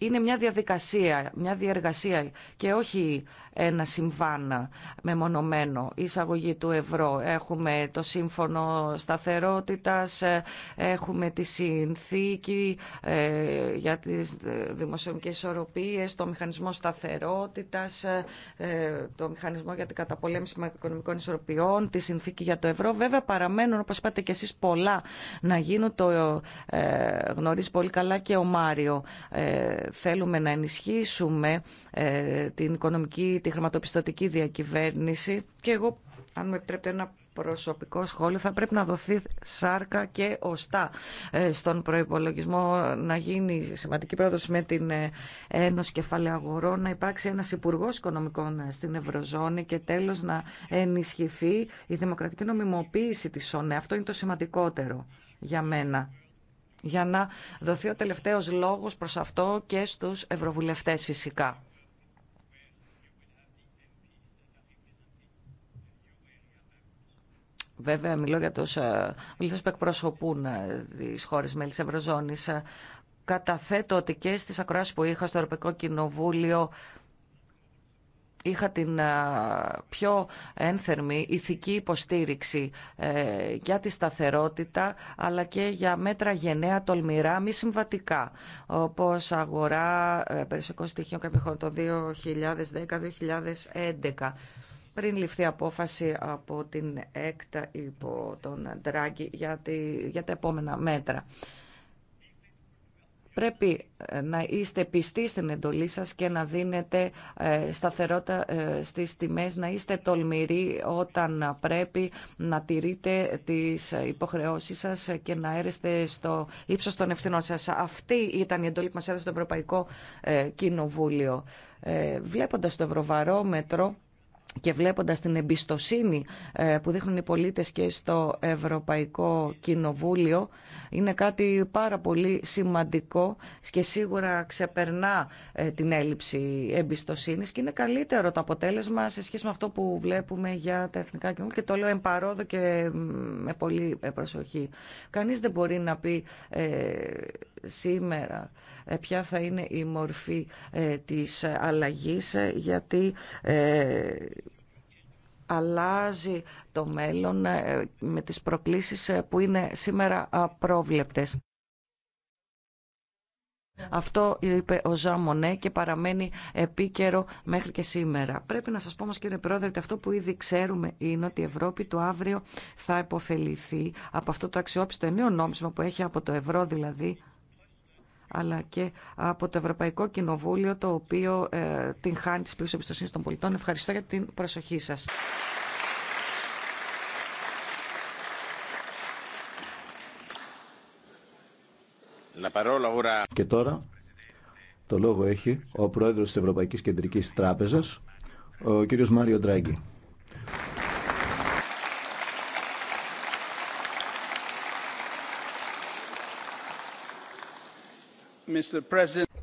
είναι μια διαδικασία, μια διεργασία και όχι ένα συμβάν μεμονωμένο. εισαγωγή του ευρώ. Έχουμε το σύμφωνο σταθερότητας, έχουμε τη συνθήκη ε, για τις δημοσιονομικές ισορροπίες, το μηχανισμό σταθερότητας, ε, το μηχανισμό για την καταπολέμηση οικονομικών ισορροπιών, τη συνθήκη για το ευρώ. Βέβαια παραμένουν, όπως είπατε και εσείς, πολλά να γίνουν. Το ε, γνωρίζει πολύ καλά και ο Μάριο. Ε, θέλουμε να ενισχύσουμε ε, την οικονομική, τη χρηματοπιστωτική διακυβέρνηση και εγώ, αν μου επιτρέπετε ένα προσωπικό σχόλιο, θα πρέπει να δοθεί σάρκα και οστά ε, στον προϋπολογισμό, να γίνει σημαντική πρόταση με την ε, Ένωση Κεφαλαίου Αγορών, να υπάρξει ένας υπουργό Οικονομικών στην Ευρωζώνη και τέλος να ενισχυθεί η δημοκρατική νομιμοποίηση της ΩΝΕ. Αυτό είναι το σημαντικότερο για μένα για να δοθεί ο τελευταίος λόγος προς αυτό και στους ευρωβουλευτές φυσικά. Βέβαια, μιλώ για τους βουλευτές ε, που εκπροσωπούν ε, τις χώρες μέλη της Ευρωζώνης. Καταθέτω ότι και στις ακροάσεις που είχα στο Ευρωπαϊκό Κοινοβούλιο είχα την πιο ένθερμη ηθική υποστήριξη ε, για τη σταθερότητα αλλά και για μέτρα γενναία τολμηρά μη συμβατικά όπως αγορά ε, περισσοκών στοιχείων κάποιων το 2010-2011 πριν ληφθεί απόφαση από την ΕΚΤΑ υπό τον Ντράγκη για, τη, για τα επόμενα μέτρα πρέπει ε, να είστε πιστοί στην εντολή σας και να δίνετε ε, σταθερότητα ε, στις τιμές, να είστε τολμηροί όταν πρέπει να τηρείτε τις υποχρεώσεις σας και να έρεστε στο ύψος των ευθυνών σας. Αυτή ήταν η εντολή που μας έδωσε το Ευρωπαϊκό Κοινοβούλιο. Βλέποντας το Ευρωβαρόμετρο, και βλέποντας την εμπιστοσύνη ε, που δείχνουν οι πολίτες και στο Ευρωπαϊκό Κοινοβούλιο είναι κάτι πάρα πολύ σημαντικό και σίγουρα ξεπερνά ε, την έλλειψη εμπιστοσύνης και είναι καλύτερο το αποτέλεσμα σε σχέση με αυτό που βλέπουμε για τα Εθνικά Κοινοβούλια και το λέω εμπαρόδο και με πολύ προσοχή. Κανείς δεν μπορεί να πει ε, σήμερα ε, ποια θα είναι η μορφή ε, της αλλαγής ε, γιατί αλλάζει το μέλλον με τις προκλήσεις που είναι σήμερα απρόβλεπτες. Αυτό είπε ο Ζαμονέ και παραμένει επίκαιρο μέχρι και σήμερα. Πρέπει να σας πω μας κύριε Πρόεδρε ότι αυτό που ήδη ξέρουμε είναι ότι η Ευρώπη το αύριο θα υποφεληθεί από αυτό το αξιόπιστο νέο νόμισμα που έχει από το ευρώ δηλαδή αλλά και από το Ευρωπαϊκό Κοινοβούλιο, το οποίο ε, την χάνει τη πλούσια εμπιστοσύνη των πολιτών. Ευχαριστώ για την προσοχή σα. Και τώρα το λόγο έχει ο Πρόεδρος της Ευρωπαϊκής Κεντρικής Τράπεζας, ο κύριος Μάριο Ντράγκη.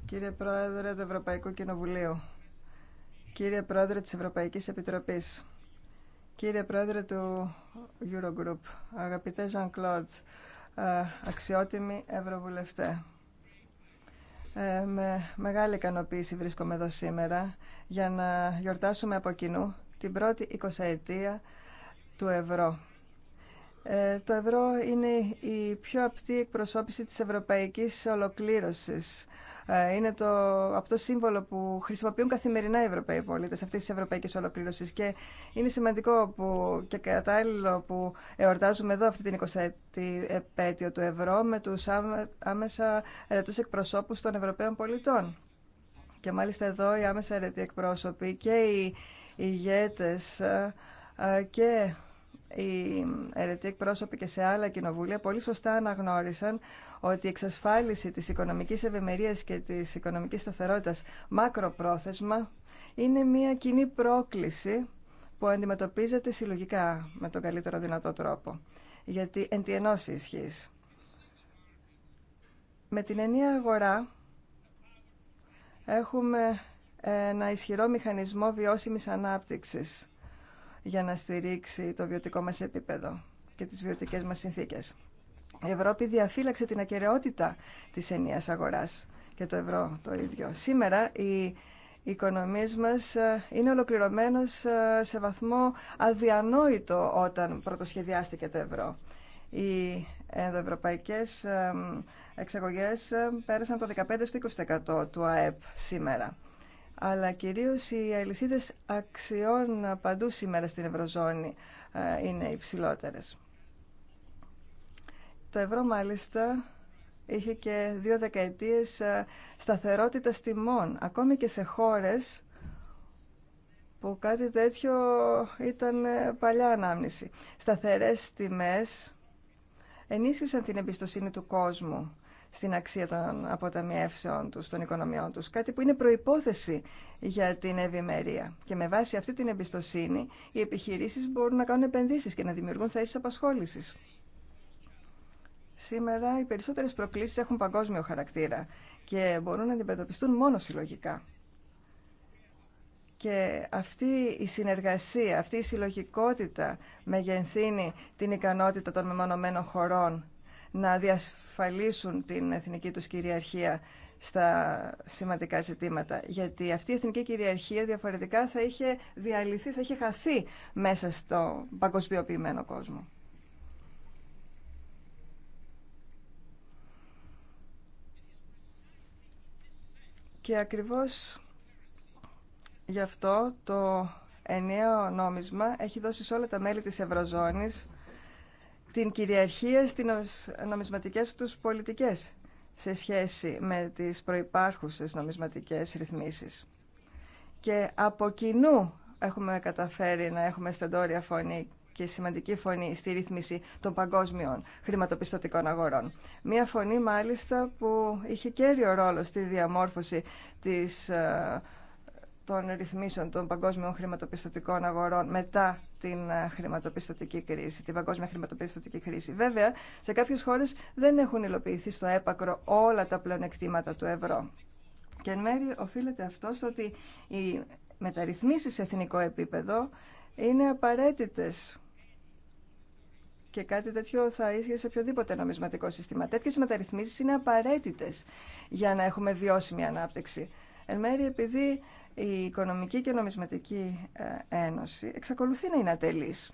Κύριε Πρόεδρε του Ευρωπαϊκού Κοινοβουλίου, κύριε Πρόεδρε της Ευρωπαϊκής Επιτροπής, κύριε Πρόεδρε του Eurogroup, αγαπητέ Jean-Claude, ε, αξιότιμοι Ευρωβουλευτέ. Ε, με μεγάλη ικανοποίηση βρίσκομαι εδώ σήμερα για να γιορτάσουμε από κοινού την πρώτη 20 του ευρώ. Ε, το ευρώ είναι η πιο απτή εκπροσώπηση της ευρωπαϊκής ολοκλήρωσης. Ε, είναι το το σύμβολο που χρησιμοποιούν καθημερινά οι Ευρωπαίοι πολίτε αυτής της ευρωπαϊκής ολοκλήρωσης και είναι σημαντικό που, και κατάλληλο που εορτάζουμε εδώ αυτή την 20η επέτειο του ευρώ με τους άμεσα ερετούς εκπροσώπους των Ευρωπαίων πολιτών. Και μάλιστα εδώ οι άμεσα αιρετοί εκπρόσωποι και οι ηγέτες ε, και οι αιρετοί εκπρόσωποι και σε άλλα κοινοβούλια πολύ σωστά αναγνώρισαν ότι η εξασφάλιση της οικονομικής ευημερίας και της οικονομικής σταθερότητας μακροπρόθεσμα είναι μια κοινή πρόκληση που αντιμετωπίζεται συλλογικά με τον καλύτερο δυνατό τρόπο. Γιατί εν τη Με την ενία αγορά έχουμε ένα ισχυρό μηχανισμό βιώσιμης ανάπτυξης για να στηρίξει το βιωτικό μας επίπεδο και τις βιωτικές μας συνθήκες. Η Ευρώπη διαφύλαξε την ακεραιότητα της ενίας αγοράς και το ευρώ το ίδιο. Σήμερα η οι οικονομίες μας ε, είναι ολοκληρωμένος ε, σε βαθμό αδιανόητο όταν πρωτοσχεδιάστηκε το ευρώ. Οι ενδοευρωπαϊκές ε, εξαγωγές πέρασαν το 15% στο 20% του ΑΕΠ σήμερα αλλά κυρίως οι αλυσίδες αξιών παντού σήμερα στην Ευρωζώνη ε, είναι υψηλότερες. Το ευρώ μάλιστα είχε και δύο δεκαετίες ε, σταθερότητας τιμών, ακόμη και σε χώρες που κάτι τέτοιο ήταν ε, παλιά ανάμνηση. Σταθερές τιμές ενίσχυσαν την εμπιστοσύνη του κόσμου στην αξία των αποταμιεύσεων του των οικονομιών του, Κάτι που είναι προϋπόθεση για την ευημερία. Και με βάση αυτή την εμπιστοσύνη, οι επιχειρήσεις μπορούν να κάνουν επενδύσει και να δημιουργούν θέσεις απασχόληση. Σήμερα οι περισσότερες προκλήσεις έχουν παγκόσμιο χαρακτήρα και μπορούν να αντιμετωπιστούν μόνο συλλογικά. Και αυτή η συνεργασία, αυτή η συλλογικότητα μεγενθύνει την ικανότητα των μεμονωμένων χωρών να διασφαλίσουν την εθνική τους κυριαρχία στα σημαντικά ζητήματα. Γιατί αυτή η εθνική κυριαρχία διαφορετικά θα είχε διαλυθεί, θα είχε χαθεί μέσα στο παγκοσμιοποιημένο κόσμο. Και ακριβώς γι' αυτό το ενιαίο νόμισμα έχει δώσει σε όλα τα μέλη της Ευρωζώνης την κυριαρχία στις νομισματικές τους πολιτικές σε σχέση με τις προϋπάρχουσες νομισματικές ρυθμίσεις. Και από κοινού έχουμε καταφέρει να έχουμε στεντόρια φωνή και σημαντική φωνή στη ρύθμιση των παγκόσμιων χρηματοπιστωτικών αγορών. Μία φωνή μάλιστα που είχε κέριο ρόλο στη διαμόρφωση της, ε, των ρυθμίσεων των παγκόσμιων χρηματοπιστωτικών αγορών μετά την ε, χρηματοπιστωτική κρίση, την παγκόσμια χρηματοπιστωτική κρίση. Βέβαια, σε κάποιες χώρες δεν έχουν υλοποιηθεί στο έπακρο όλα τα πλεονεκτήματα του ευρώ. Και εν μέρει οφείλεται αυτό στο ότι οι μεταρρυθμίσεις σε εθνικό επίπεδο είναι απαραίτητες και κάτι τέτοιο θα ίσχυε σε οποιοδήποτε νομισματικό σύστημα. Τέτοιε μεταρρυθμίσει είναι απαραίτητε για να έχουμε βιώσιμη ανάπτυξη. Εν μέρει επειδή η Οικονομική και Νομισματική ε, Ένωση εξακολουθεί να είναι ατελής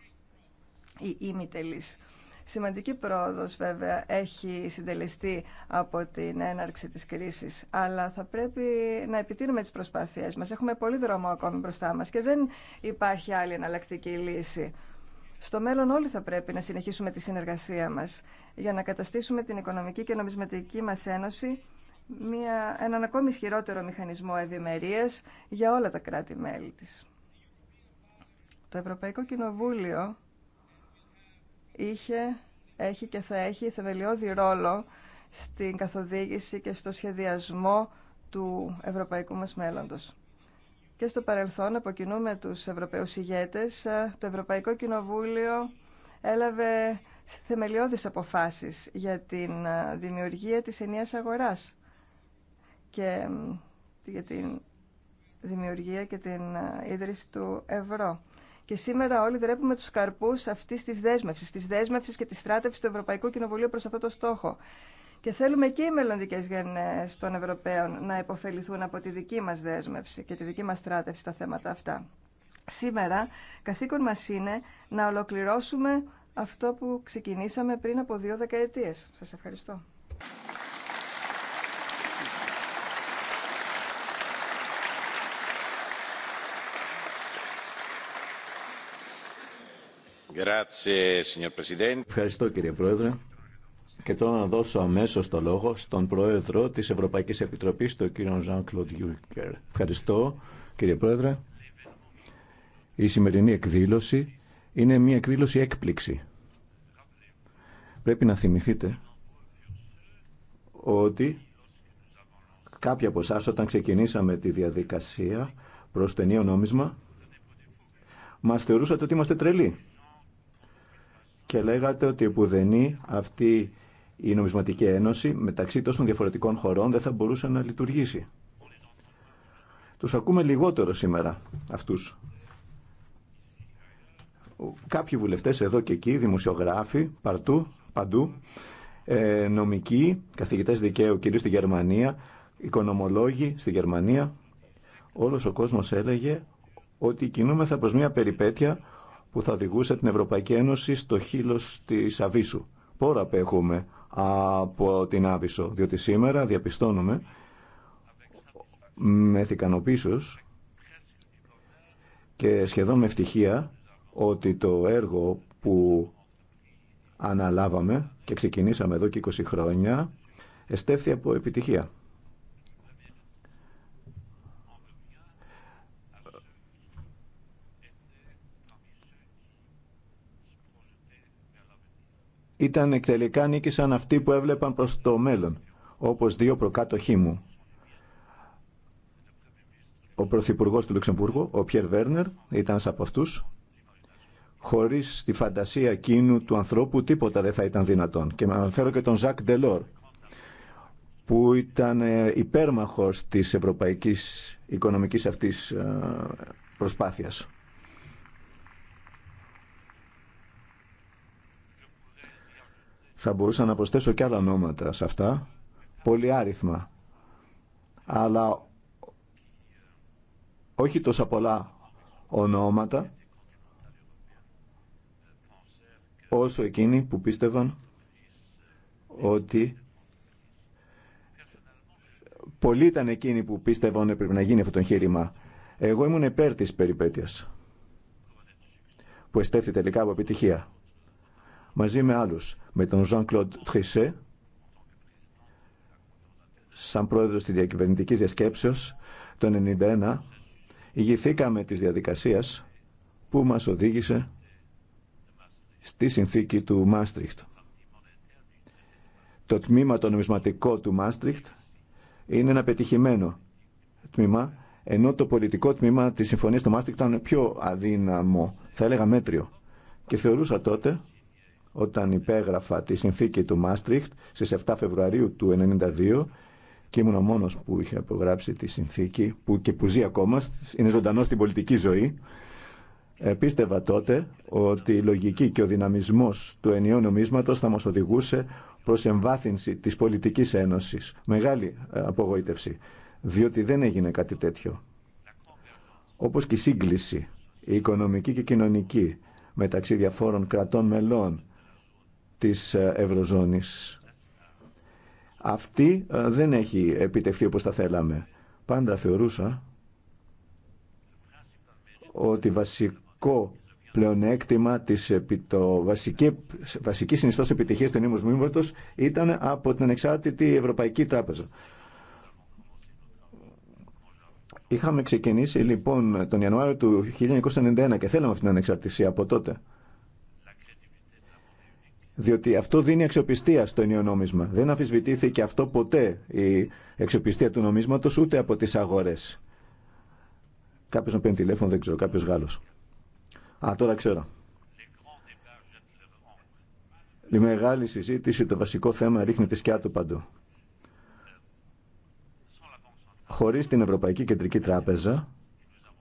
ή ημιτελής. Σημαντική πρόοδος βέβαια έχει συντελεστεί από την έναρξη της κρίσης, αλλά θα πρέπει να επιτείνουμε τις προσπάθειές μας. Έχουμε πολύ δρόμο ακόμη μπροστά μας και δεν υπάρχει άλλη εναλλακτική λύση. Στο μέλλον όλοι θα πρέπει να συνεχίσουμε τη συνεργασία μας για να καταστήσουμε την Οικονομική και Νομισματική μας Ένωση μια, έναν ακόμη ισχυρότερο μηχανισμό ευημερία για όλα τα κράτη-μέλη της. Το Ευρωπαϊκό Κοινοβούλιο είχε, έχει και θα έχει θεμελιώδη ρόλο στην καθοδήγηση και στο σχεδιασμό του ευρωπαϊκού μας μέλλοντος. Και στο παρελθόν, από κοινού με τους Ευρωπαίους ηγέτες, το Ευρωπαϊκό Κοινοβούλιο έλαβε θεμελιώδεις αποφάσεις για την δημιουργία της ενιαίας αγοράς και για την δημιουργία και την ε, ίδρυση του ευρώ. Και σήμερα όλοι δρέπουμε τους καρπούς αυτής της δέσμευσης, της δέσμευσης και της στράτευσης του Ευρωπαϊκού Κοινοβουλίου προς αυτό το στόχο. Και θέλουμε και οι μελλοντικέ γενναίε των Ευρωπαίων να υποφεληθούν από τη δική μα δέσμευση και τη δική μα στράτευση στα θέματα αυτά. Σήμερα, καθήκον μα είναι να ολοκληρώσουμε αυτό που ξεκινήσαμε πριν από δύο δεκαετίε. Σα ευχαριστώ. Ευχαριστώ κύριε Πρόεδρε. Και τώρα να δώσω αμέσως το λόγο στον Πρόεδρο τη Ευρωπαϊκής Επιτροπής, τον κύριο Ζαν Κλοντ Juncker. Ευχαριστώ κύριε Πρόεδρε. Η σημερινή εκδήλωση είναι μια εκδήλωση έκπληξη. Πρέπει να θυμηθείτε ότι κάποιοι από εσά όταν ξεκινήσαμε τη διαδικασία προς το ενίο νόμισμα μας θεωρούσατε ότι είμαστε τρελοί και λέγατε ότι επουδενή αυτή η νομισματική ένωση μεταξύ τόσων διαφορετικών χωρών δεν θα μπορούσε να λειτουργήσει. Τους ακούμε λιγότερο σήμερα αυτούς. Κάποιοι βουλευτές εδώ και εκεί, δημοσιογράφοι, παρτού, παντού, ε, νομικοί, καθηγητές δικαίου κυρίως στη Γερμανία, οικονομολόγοι στη Γερμανία, όλος ο κόσμος έλεγε ότι κινούμεθα προς μια περιπέτεια που θα οδηγούσε την Ευρωπαϊκή Ένωση στο χείλο της Αβίσου. Πόρα απέχουμε από την Άβυσο, διότι σήμερα διαπιστώνουμε με θικανοποίησο και σχεδόν με ευτυχία ότι το έργο που αναλάβαμε και ξεκινήσαμε εδώ και 20 χρόνια εστέφθη από επιτυχία. ήταν εκτελικά νίκησαν αυτοί που έβλεπαν προς το μέλλον, όπως δύο προκάτοχοί μου. Ο Πρωθυπουργό του Λουξεμβούργου, ο Πιέρ Βέρνερ, ήταν από αυτούς. Χωρίς τη φαντασία εκείνου του ανθρώπου τίποτα δεν θα ήταν δυνατόν. Και με αναφέρω και τον Ζακ Ντελόρ, που ήταν ε, υπέρμαχος της ευρωπαϊκής οικονομικής αυτής ε, προσπάθειας. Θα μπορούσα να προσθέσω και άλλα ονόματα σε αυτά, πολύ άριθμα. Αλλά όχι τόσα πολλά ονόματα όσο εκείνοι που πίστευαν ότι πολλοί ήταν εκείνοι που πίστευαν ότι πρέπει να γίνει αυτό το εγχείρημα. Εγώ ήμουν υπέρ της περιπέτειας που εστέφθη τελικά από επιτυχία μαζί με άλλους, με τον Jean-Claude Trichet, σαν πρόεδρος της διακυβερνητικής διασκέψεως το 1991, ηγηθήκαμε της διαδικασίας που μας οδήγησε στη συνθήκη του Μάστριχτ. Το τμήμα το νομισματικό του Μάστριχτ είναι ένα πετυχημένο τμήμα, ενώ το πολιτικό τμήμα της συμφωνίας του Μάστριχτ ήταν πιο αδύναμο, θα έλεγα μέτριο. Και θεωρούσα τότε όταν υπέγραφα τη συνθήκη του Μάστριχτ στις 7 Φεβρουαρίου του 1992 και ήμουν ο μόνος που είχε απογράψει τη συνθήκη που και που ζει ακόμα, είναι ζωντανό στην πολιτική ζωή. Ε, πίστευα τότε ότι η λογική και ο δυναμισμός του ενιαίου νομίσματος θα μας οδηγούσε προς εμβάθυνση της πολιτικής ένωσης. Μεγάλη ε, απογοήτευση, διότι δεν έγινε κάτι τέτοιο. Όπως και η σύγκληση, η οικονομική και κοινωνική, μεταξύ διαφόρων κρατών μελών, της ε, Ευρωζώνης. Αυτή ε, δεν έχει επιτευχθεί όπως τα θέλαμε. Πάντα θεωρούσα ότι βασικό πλεονέκτημα της το βασική, βασική συνιστός επιτυχίας του νήμου Μήμπορτος ήταν από την ανεξάρτητη Ευρωπαϊκή Τράπεζα. Είχαμε ξεκινήσει λοιπόν τον Ιανουάριο του 1991 και θέλαμε αυτή την ανεξαρτησία από τότε διότι αυτό δίνει αξιοπιστία στο ενίο νόμισμα. Δεν αμφισβητήθηκε αυτό ποτέ η αξιοπιστία του νομίσματος ούτε από τις αγορές. Κάποιος να παίρνει τηλέφωνο, δεν ξέρω, κάποιος Γάλλος. Α, τώρα ξέρω. Η μεγάλη συζήτηση, το βασικό θέμα ρίχνει τη σκιά του παντού. Χωρίς την Ευρωπαϊκή Κεντρική Τράπεζα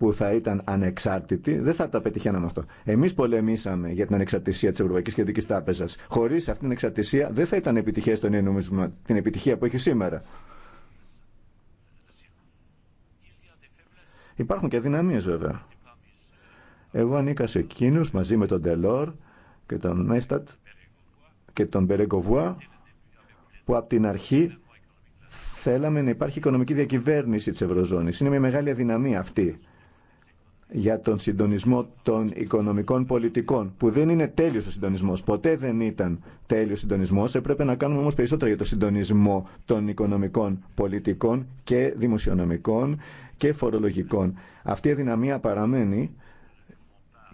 που θα ήταν ανεξάρτητη, δεν θα τα πετυχαίναμε αυτό. Εμεί πολεμήσαμε για την ανεξαρτησία τη Ευρωπαϊκή Κεντρική Τράπεζα. Χωρί αυτή την εξαρτησία δεν θα ήταν επιτυχία το νέο νομισμα, την επιτυχία που έχει σήμερα. Υπάρχουν και δυναμίε βέβαια. Εγώ ανήκα σε εκείνου μαζί με τον Τελόρ και τον Μέστατ και τον Μπερεγκοβουά που από την αρχή θέλαμε να υπάρχει οικονομική διακυβέρνηση της Ευρωζώνης. Είναι μια μεγάλη αδυναμία αυτή για τον συντονισμό των οικονομικών πολιτικών, που δεν είναι τέλειος ο συντονισμός. Ποτέ δεν ήταν τέλειος συντονισμός. Έπρεπε να κάνουμε όμως περισσότερο για τον συντονισμό των οικονομικών πολιτικών και δημοσιονομικών και φορολογικών. Αυτή η δυναμία παραμένει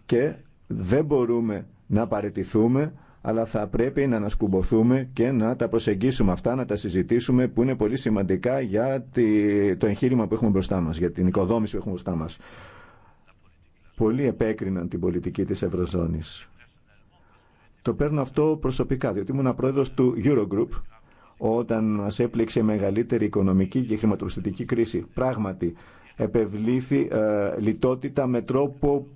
και δεν μπορούμε να παρετηθούμε, αλλά θα πρέπει να ανασκουμποθούμε και να τα προσεγγίσουμε αυτά, να τα συζητήσουμε που είναι πολύ σημαντικά για το εγχείρημα που έχουμε μπροστά μας, για την οικοδόμηση που έχουμε μπροστά μας. Πολλοί επέκριναν την πολιτική της Ευρωζώνης. Το παίρνω αυτό προσωπικά, διότι ήμουν πρόεδρος του Eurogroup όταν μας έπληξε μεγαλύτερη οικονομική και χρηματοπιστωτική κρίση. Πράγματι, επευλήθη ε, λιτότητα με τρόπο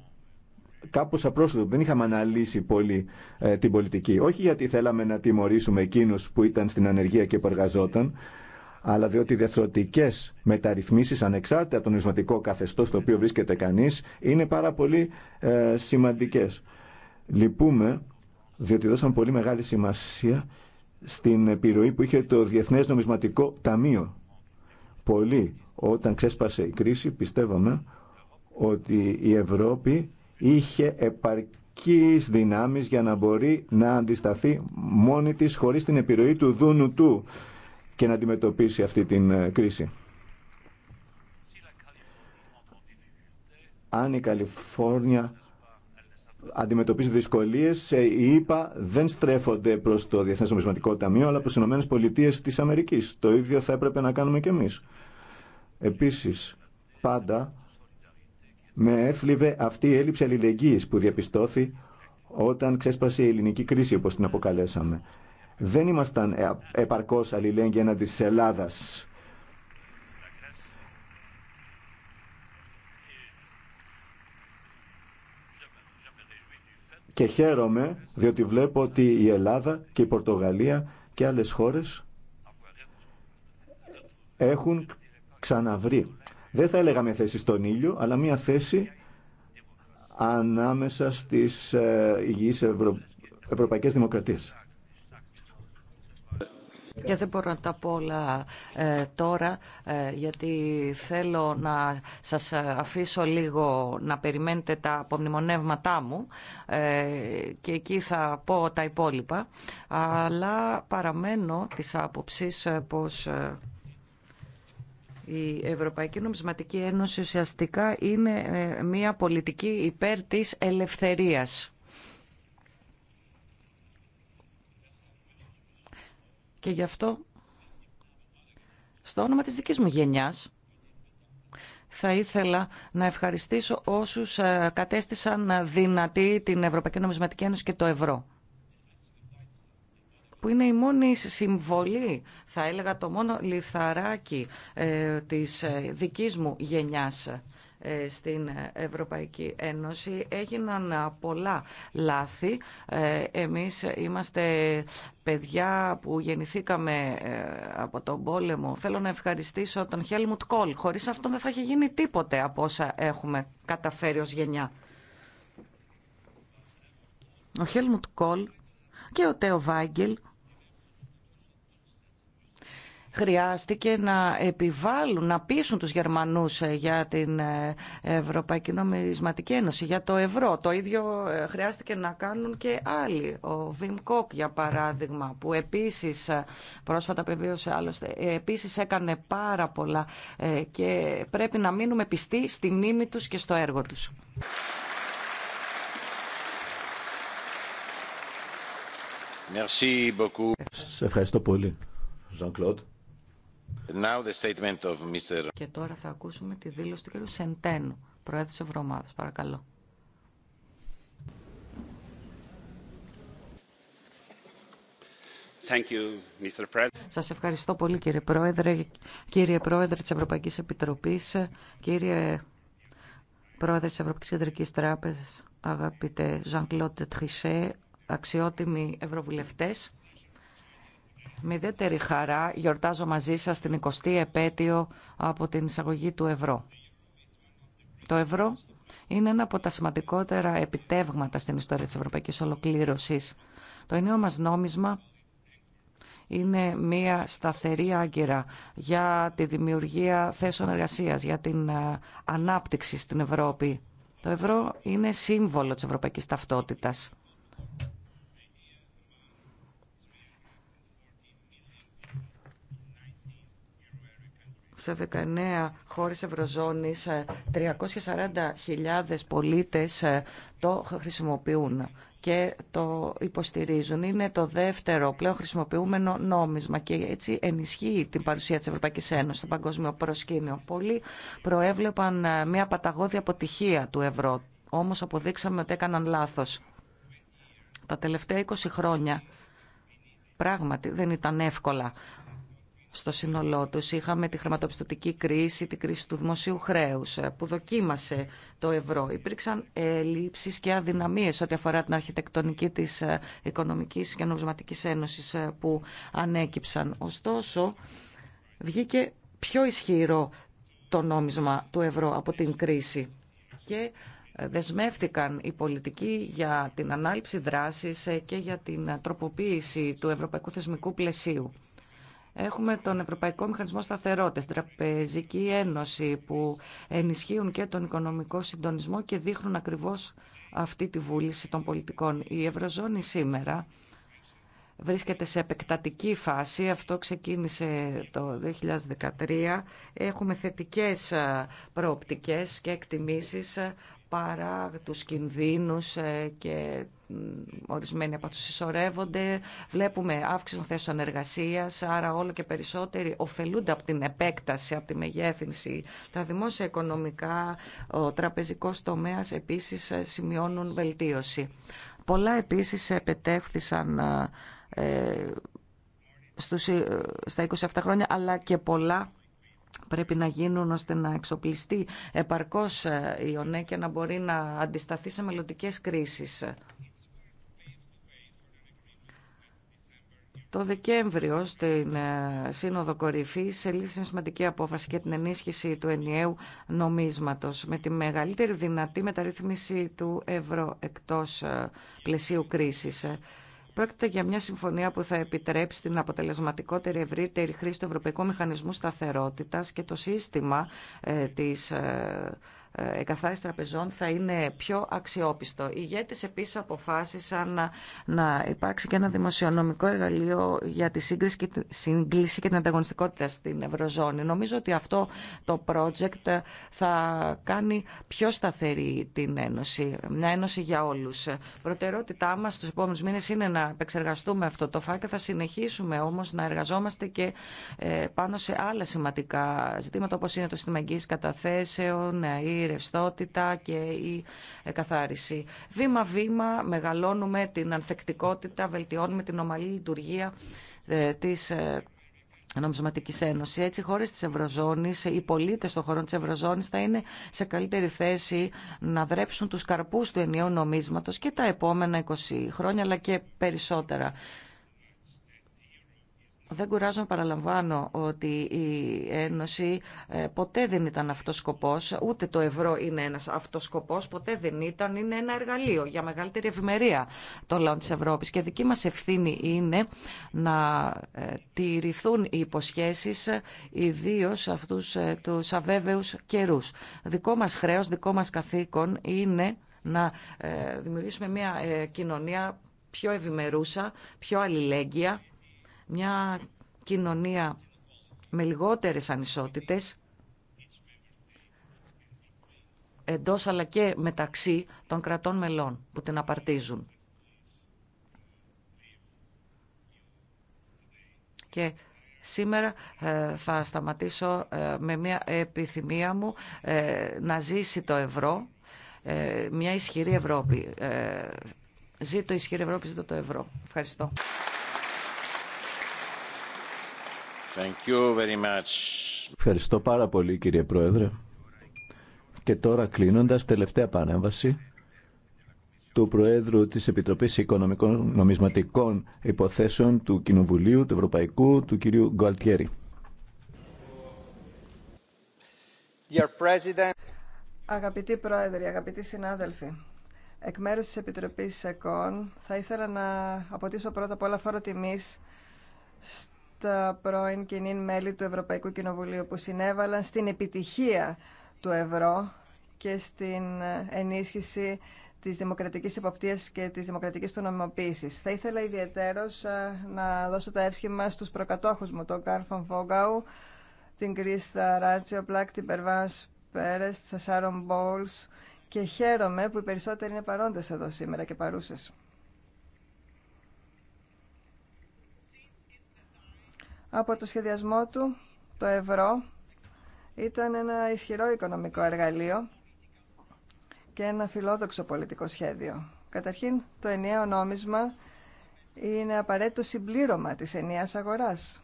κάπως απρόσδεκτο. Δεν είχαμε αναλύσει πολύ ε, την πολιτική. Όχι γιατί θέλαμε να τιμωρήσουμε εκείνους που ήταν στην ανεργία και που εργαζόταν, αλλά διότι οι διαθροτικέ μεταρρυθμίσει, ανεξάρτητα από τον νομισματικό καθεστώ στο οποίο βρίσκεται κανεί, είναι πάρα πολύ ε, σημαντικέ. Λυπούμε, διότι δώσαμε πολύ μεγάλη σημασία στην επιρροή που είχε το Διεθνές Νομισματικό Ταμείο. Πολύ όταν ξέσπασε η κρίση, πιστεύαμε ότι η Ευρώπη είχε επαρκείς δυνάμεις για να μπορεί να αντισταθεί μόνη της χωρίς την επιρροή του Δούνου του και να αντιμετωπίσει αυτή την ε, κρίση. Αν η Καλιφόρνια αντιμετωπίζει δυσκολίες, οι ΗΠΑ δεν στρέφονται προς το Διεθνές Νομισματικό Ταμείο, αλλά προς τις ΗΠΑ Πολιτείες της Αμερικής. Το ίδιο θα έπρεπε να κάνουμε κι εμείς. Επίσης, πάντα με έθλιβε αυτή η έλλειψη αλληλεγγύης που διαπιστώθη όταν ξέσπασε η ελληνική κρίση, όπως την αποκαλέσαμε δεν ήμασταν ε, επαρκώς αλληλέγγυοι έναντι της Ελλάδας. Και χαίρομαι διότι βλέπω ότι η Ελλάδα και η Πορτογαλία και άλλες χώρες έχουν ξαναβρει. Δεν θα έλεγα μια θέση στον ήλιο, αλλά μια θέση ανάμεσα στις ε, υγιείς ευρωπαϊκές δημοκρατίες. Και δεν μπορώ να τα πω όλα ε, τώρα, ε, γιατί θέλω να σας αφήσω λίγο να περιμένετε τα απομνημονεύματά μου ε, και εκεί θα πω τα υπόλοιπα. Αλλά παραμένω της άποψης πως η Ευρωπαϊκή Νομισματική Ένωση ουσιαστικά είναι μια πολιτική υπέρ της ελευθερίας Και γι' αυτό, στο όνομα της δικής μου γενιάς, θα ήθελα να ευχαριστήσω όσους ε, κατέστησαν ε, δυνατή την Ευρωπαϊκή Νομισματική Ένωση και το ευρώ που είναι η μόνη συμβολή, θα έλεγα το μόνο λιθαράκι ε, της ε, δικής μου γενιάς ε, στην Ευρωπαϊκή Ένωση. Έγιναν πολλά λάθη. Εμείς είμαστε παιδιά που γεννηθήκαμε από τον πόλεμο. Θέλω να ευχαριστήσω τον Χέλμουτ Κόλ. Χωρίς αυτό δεν θα είχε γίνει τίποτε από όσα έχουμε καταφέρει ως γενιά. Ο Χέλμουτ Κόλ και ο Τέο Βάγγελ χρειάστηκε να επιβάλλουν, να πείσουν τους Γερμανούς ε, για την ε, Ευρωπαϊκή Νομισματική Ένωση, για το ευρώ. Το ίδιο ε, χρειάστηκε να κάνουν και άλλοι. Ο Βιμ Κόκ, για παράδειγμα, που επίσης πρόσφατα πεβίωσε άλλωστε, επίσης έκανε πάρα πολλά και πρέπει να μείνουμε πιστοί στη μνήμη τους και στο έργο τους. Merci ευχαριστώ πολύ, Jean-Claude. Και τώρα θα ακούσουμε τη δήλωση του κ. Σεντένου, Προέδρου της Ευρωομάδας. Παρακαλώ. Thank Σας ευχαριστώ πολύ κύριε Πρόεδρε, κύριε Πρόεδρε της Ευρωπαϊκής Επιτροπής, κύριε Πρόεδρε της ευρωπαικης Κεντρική Κεντρικής Τράπεζας, αγαπητέ Jean-Claude Trichet, αξιότιμοι ευρωβουλευτές. Με ιδιαίτερη χαρά γιορτάζω μαζί σας την 20η επέτειο από την εισαγωγή του ευρώ. Το ευρώ είναι ένα από τα σημαντικότερα επιτεύγματα στην ιστορία της ευρωπαϊκής ολοκλήρωσης. Το νέο μας νόμισμα είναι μια σταθερή άγκυρα για τη δημιουργία θέσεων εργασίας, για την ε, ανάπτυξη στην Ευρώπη. Το ευρώ είναι σύμβολο της ευρωπαϊκής ταυτότητας. σε 19 χώρες Ευρωζώνης 340.000 ε, πολίτες ε, το χρησιμοποιούν και το υποστηρίζουν. Είναι το δεύτερο πλέον χρησιμοποιούμενο νόμισμα και έτσι ενισχύει την παρουσία της Ευρωπαϊκής Ένωσης στο παγκόσμιο προσκήνιο. Πολλοί προέβλεπαν ε, μια παταγώδη αποτυχία του ευρώ, όμως αποδείξαμε ότι έκαναν λάθος. Τα τελευταία 20 χρόνια πράγματι δεν ήταν εύκολα στο σύνολό τους. Είχαμε τη χρηματοπιστωτική κρίση, τη κρίση του δημοσίου χρέους ε, που δοκίμασε το ευρώ. Υπήρξαν ελλείψεις και αδυναμίες ό,τι αφορά την αρχιτεκτονική της ε, Οικονομικής και Νομισματικής Ένωσης ε, που ανέκυψαν. Ωστόσο, βγήκε πιο ισχυρό το νόμισμα του ευρώ από την κρίση και δεσμεύτηκαν οι πολιτικοί για την ανάληψη δράσης και για την τροποποίηση του ευρωπαϊκού θεσμικού πλαισίου. Έχουμε τον Ευρωπαϊκό Μηχανισμό σταθερότητα, Τραπεζική Ένωση που ενισχύουν και τον οικονομικό συντονισμό και δείχνουν ακριβώς αυτή τη βούληση των πολιτικών. Η Ευρωζώνη σήμερα βρίσκεται σε επεκτατική φάση. Αυτό ξεκίνησε το 2013. Έχουμε θετικές προοπτικές και εκτιμήσεις παρά τους κινδύνους ε, και ορισμένοι από τους συσσωρεύονται. Βλέπουμε αύξηση των θέσεων εργασίας, άρα όλο και περισσότεροι ωφελούνται από την επέκταση, από τη μεγέθυνση. Τα δημόσια οικονομικά, ο τραπεζικός τομέας επίσης ε, σημειώνουν βελτίωση. Πολλά επίσης ε, στους στα 27 χρόνια, αλλά και πολλά πρέπει να γίνουν ώστε να εξοπλιστεί επαρκώς ε, η ΟΝΕ και να μπορεί να αντισταθεί σε μελλοντικέ κρίσεις. Το Δεκέμβριο στην ε, Σύνοδο Κορυφή ελήφθη σημαντική απόφαση για την ενίσχυση του ενιαίου νομίσματος με τη μεγαλύτερη δυνατή μεταρρύθμιση του ευρώ εκτός ε, πλαισίου κρίσης. Πρόκειται για μια συμφωνία που θα επιτρέψει την αποτελεσματικότερη ευρύτερη χρήση του Ευρωπαϊκού Μηχανισμού Σταθερότητας και το σύστημα ε, της ε, εγκαθάριση τραπεζών θα είναι πιο αξιόπιστο. Οι ηγέτες επίσης αποφάσισαν να, να υπάρξει και ένα δημοσιονομικό εργαλείο για τη σύγκριση και, σύγκληση και την ανταγωνιστικότητα στην Ευρωζώνη. Νομίζω ότι αυτό το project θα κάνει πιο σταθερή την Ένωση, μια Ένωση για όλους. Προτεραιότητά μας στους επόμενους μήνες είναι να επεξεργαστούμε αυτό το φάκελο, θα συνεχίσουμε όμως να εργαζόμαστε και ε, πάνω σε άλλα σημαντικά ζητήματα όπω είναι το σύστημα καταθέσεων η ρευστότητα και η ε, καθάριση. Βήμα-βήμα μεγαλώνουμε την ανθεκτικότητα, βελτιώνουμε την ομαλή λειτουργία ε, της ε, Νομισματικής Ένωση. Έτσι, οι χώρε τη Ευρωζώνη, οι πολίτε των χωρών τη Ευρωζώνη θα είναι σε καλύτερη θέση να δρέψουν του καρπούς του ενιαίου νομίσματο και τα επόμενα 20 χρόνια, αλλά και περισσότερα. Δεν κουράζομαι παραλαμβάνω ότι η Ένωση ε, ποτέ δεν ήταν αυτός σκοπός, ούτε το ευρώ είναι ένας αυτός σκοπός, ποτέ δεν ήταν, είναι ένα εργαλείο για μεγαλύτερη ευημερία των λαών της Ευρώπης και δική μας ευθύνη είναι να ε, τηρηθούν οι υποσχέσεις ε, ιδίω αυτούς τους αβέβαιους καιρούς. Δικό μας χρέος, δικό μας καθήκον είναι να δημιουργήσουμε μια κοινωνία πιο ευημερούσα, πιο αλληλέγγυα, μια κοινωνία με λιγότερες ανισότητες εντός αλλά και μεταξύ των κρατών μελών που την απαρτίζουν. Και σήμερα ε, θα σταματήσω ε, με μια επιθυμία μου ε, να ζήσει το ευρώ, μια ισχυρή Ευρώπη. Ζήτω ισχυρή Ευρώπη, ζήτω το ευρώ. Ευχαριστώ. Ευχαριστώ πάρα πολύ κύριε Πρόεδρε. Και τώρα κλείνοντας τελευταία παρέμβαση του Προέδρου της Επιτροπής Οικονομικών Νομισματικών Υποθέσεων του Κοινοβουλίου, του Ευρωπαϊκού, του κυρίου Γκουαλτιέρη. Αγαπητοί Πρόεδροι, αγαπητοί συνάδελφοι, εκ μέρους της Επιτροπής ΕΚΟΝ θα ήθελα να αποτίσω πρώτα απ' όλα φόρο τιμής τα πρώην κοινή μέλη του Ευρωπαϊκού Κοινοβουλίου που συνέβαλαν στην επιτυχία του ευρώ και στην ενίσχυση της δημοκρατικής εποπτείας και της δημοκρατικής του νομιμοποίησης. Θα ήθελα ιδιαίτερως ε, να δώσω τα εύσχημα στους προκατόχους μου, τον Καρφον Φόγκαου, την Κρίστα Ράτσιο Πλάκ, την Περβάς Πέρες, τη Σάρον Μπόλς και χαίρομαι που οι περισσότεροι είναι παρόντες εδώ σήμερα και παρούσες. Από το σχεδιασμό του, το ευρώ ήταν ένα ισχυρό οικονομικό εργαλείο και ένα φιλόδοξο πολιτικό σχέδιο. Καταρχήν, το ενιαίο νόμισμα είναι απαραίτητο συμπλήρωμα της ενιαίας αγοράς.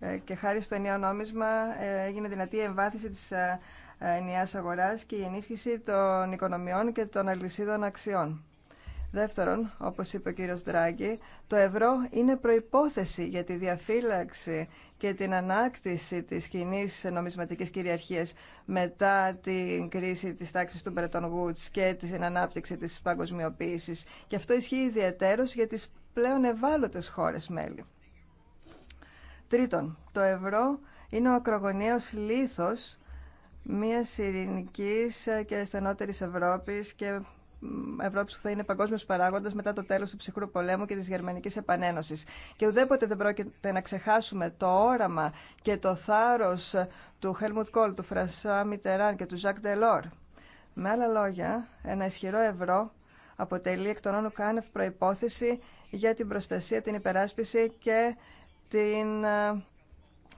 Ε, και χάρη στο ενιαίο νόμισμα ε, έγινε δυνατή η εμβάθυνση της ε, ενιαίας αγοράς και η ενίσχυση των οικονομιών και των αλυσίδων αξιών. Δεύτερον, όπως είπε ο κύριος Δράγκη, το ευρώ είναι προϋπόθεση για τη διαφύλαξη και την ανάκτηση της κοινή νομισματικής κυριαρχίας μετά την κρίση της τάξης του Μπρετον και την ανάπτυξη της παγκοσμιοποίησης. Και αυτό ισχύει ιδιαίτερως για τις πλέον ευάλωτες χώρες μέλη. Τρίτον, το ευρώ είναι ο ακρογωνιαίος λίθος μιας ειρηνικής και στενότερης Ευρώπης και Ευρώπη που θα είναι παγκόσμιο παράγοντας μετά το τέλος του ψυχρού πολέμου και της Γερμανικής Επανένωση. Και ουδέποτε δεν πρόκειται να ξεχάσουμε το όραμα και το θάρρος του Χέλμουντ Κόλ, του Φρασά Μιτεράν και του Ζακ Ντελόρ. Με άλλα λόγια, ένα ισχυρό ευρώ αποτελεί εκ των όνων κάνευ προϋπόθεση για την προστασία, την υπεράσπιση και την ε,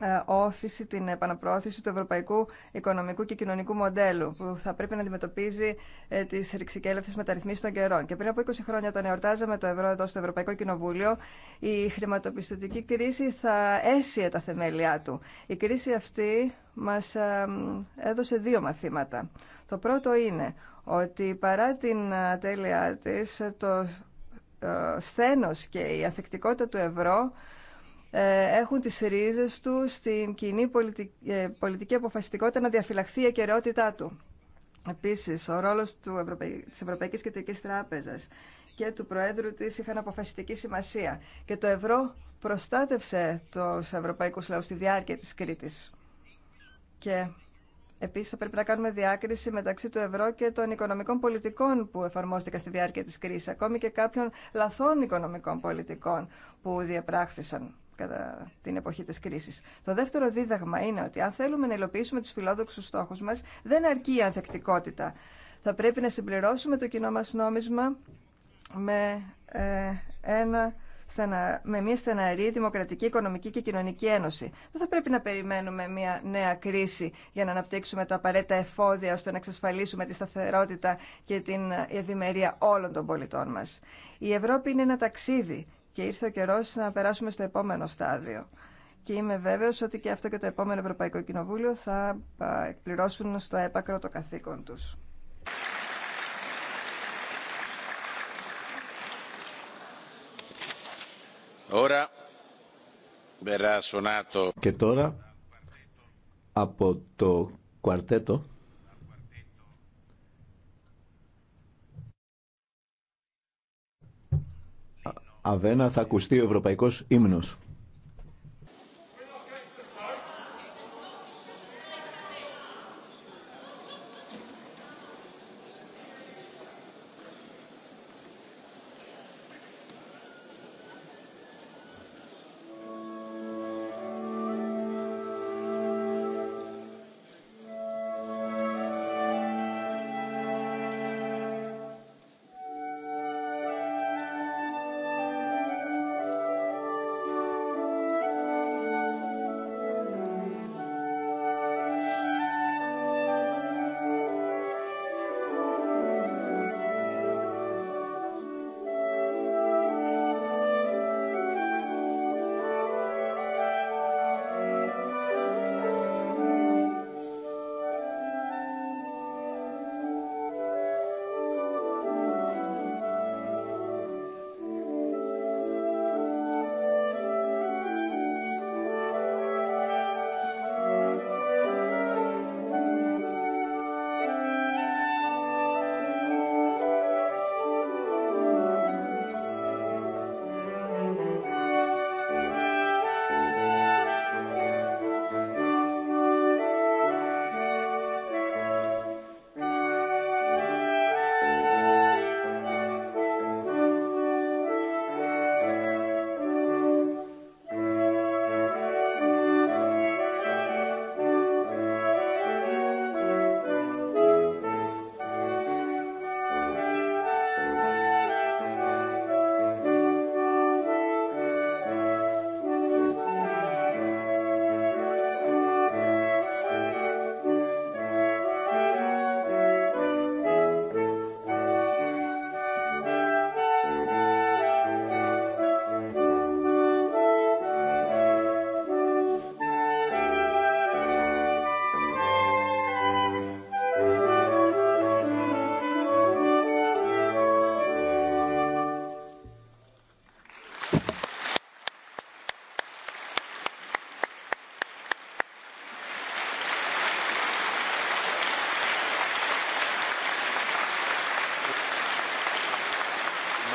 ε, όθηση, την επαναπρόθεση του ευρωπαϊκού οικονομικού και κοινωνικού μοντέλου, που θα πρέπει να αντιμετωπίζει ε, τι ρηξικέλευτε μεταρρυθμίσει των καιρών. Και πριν από 20 χρόνια, όταν εορτάζαμε το ευρώ εδώ στο Ευρωπαϊκό Κοινοβούλιο, η χρηματοπιστωτική κρίση θα έσυε τα θεμέλια του. Η κρίση αυτή μας ε, έδωσε δύο μαθήματα. Το πρώτο είναι ότι παρά την τέλειά της, το σθένος και η αθεκτικότητα του ευρώ ε, έχουν τις ρίζες του στην κοινή ε, πολιτική αποφασιστικότητα να διαφυλαχθεί η ακαιρεότητά του. Επίσης, ο ρόλος του Ευρωπαϊ... της Ευρωπαϊκής Κεντρικής Τράπεζας και του Προέδρου της είχαν αποφασιστική σημασία και το ευρώ προστάτευσε τους ευρωπαϊκούς λαούς στη διάρκεια της Κρήτης. Και Επίση, θα πρέπει να κάνουμε διάκριση μεταξύ του ευρώ και των οικονομικών πολιτικών που εφαρμόστηκαν στη διάρκεια τη κρίσης, ακόμη και κάποιων λαθών οικονομικών πολιτικών που διαπράχθησαν την εποχή της κρίσης. Το δεύτερο δίδαγμα είναι ότι αν θέλουμε να υλοποιήσουμε τους φιλόδοξου στόχους μας, δεν αρκεί η ανθεκτικότητα. Θα πρέπει να συμπληρώσουμε το κοινό μα νόμισμα με, ε, ένα, με μια στεναρή δημοκρατική, οικονομική και κοινωνική ένωση. Δεν θα πρέπει να περιμένουμε μια νέα κρίση για να αναπτύξουμε τα απαραίτητα εφόδια ώστε να εξασφαλίσουμε τη σταθερότητα και την ε, ευημερία όλων των πολιτών μας. Η Ευρώπη είναι ένα ταξίδι και ήρθε ο καιρό να περάσουμε στο επόμενο στάδιο. Και είμαι βέβαιος ότι και αυτό και το επόμενο Ευρωπαϊκό Κοινοβούλιο θα εκπληρώσουν στο έπακρο το καθήκον τους. Και τώρα από το κουαρτέτο Αβένα θα ακουστεί ο ευρωπαϊκός ύμνος.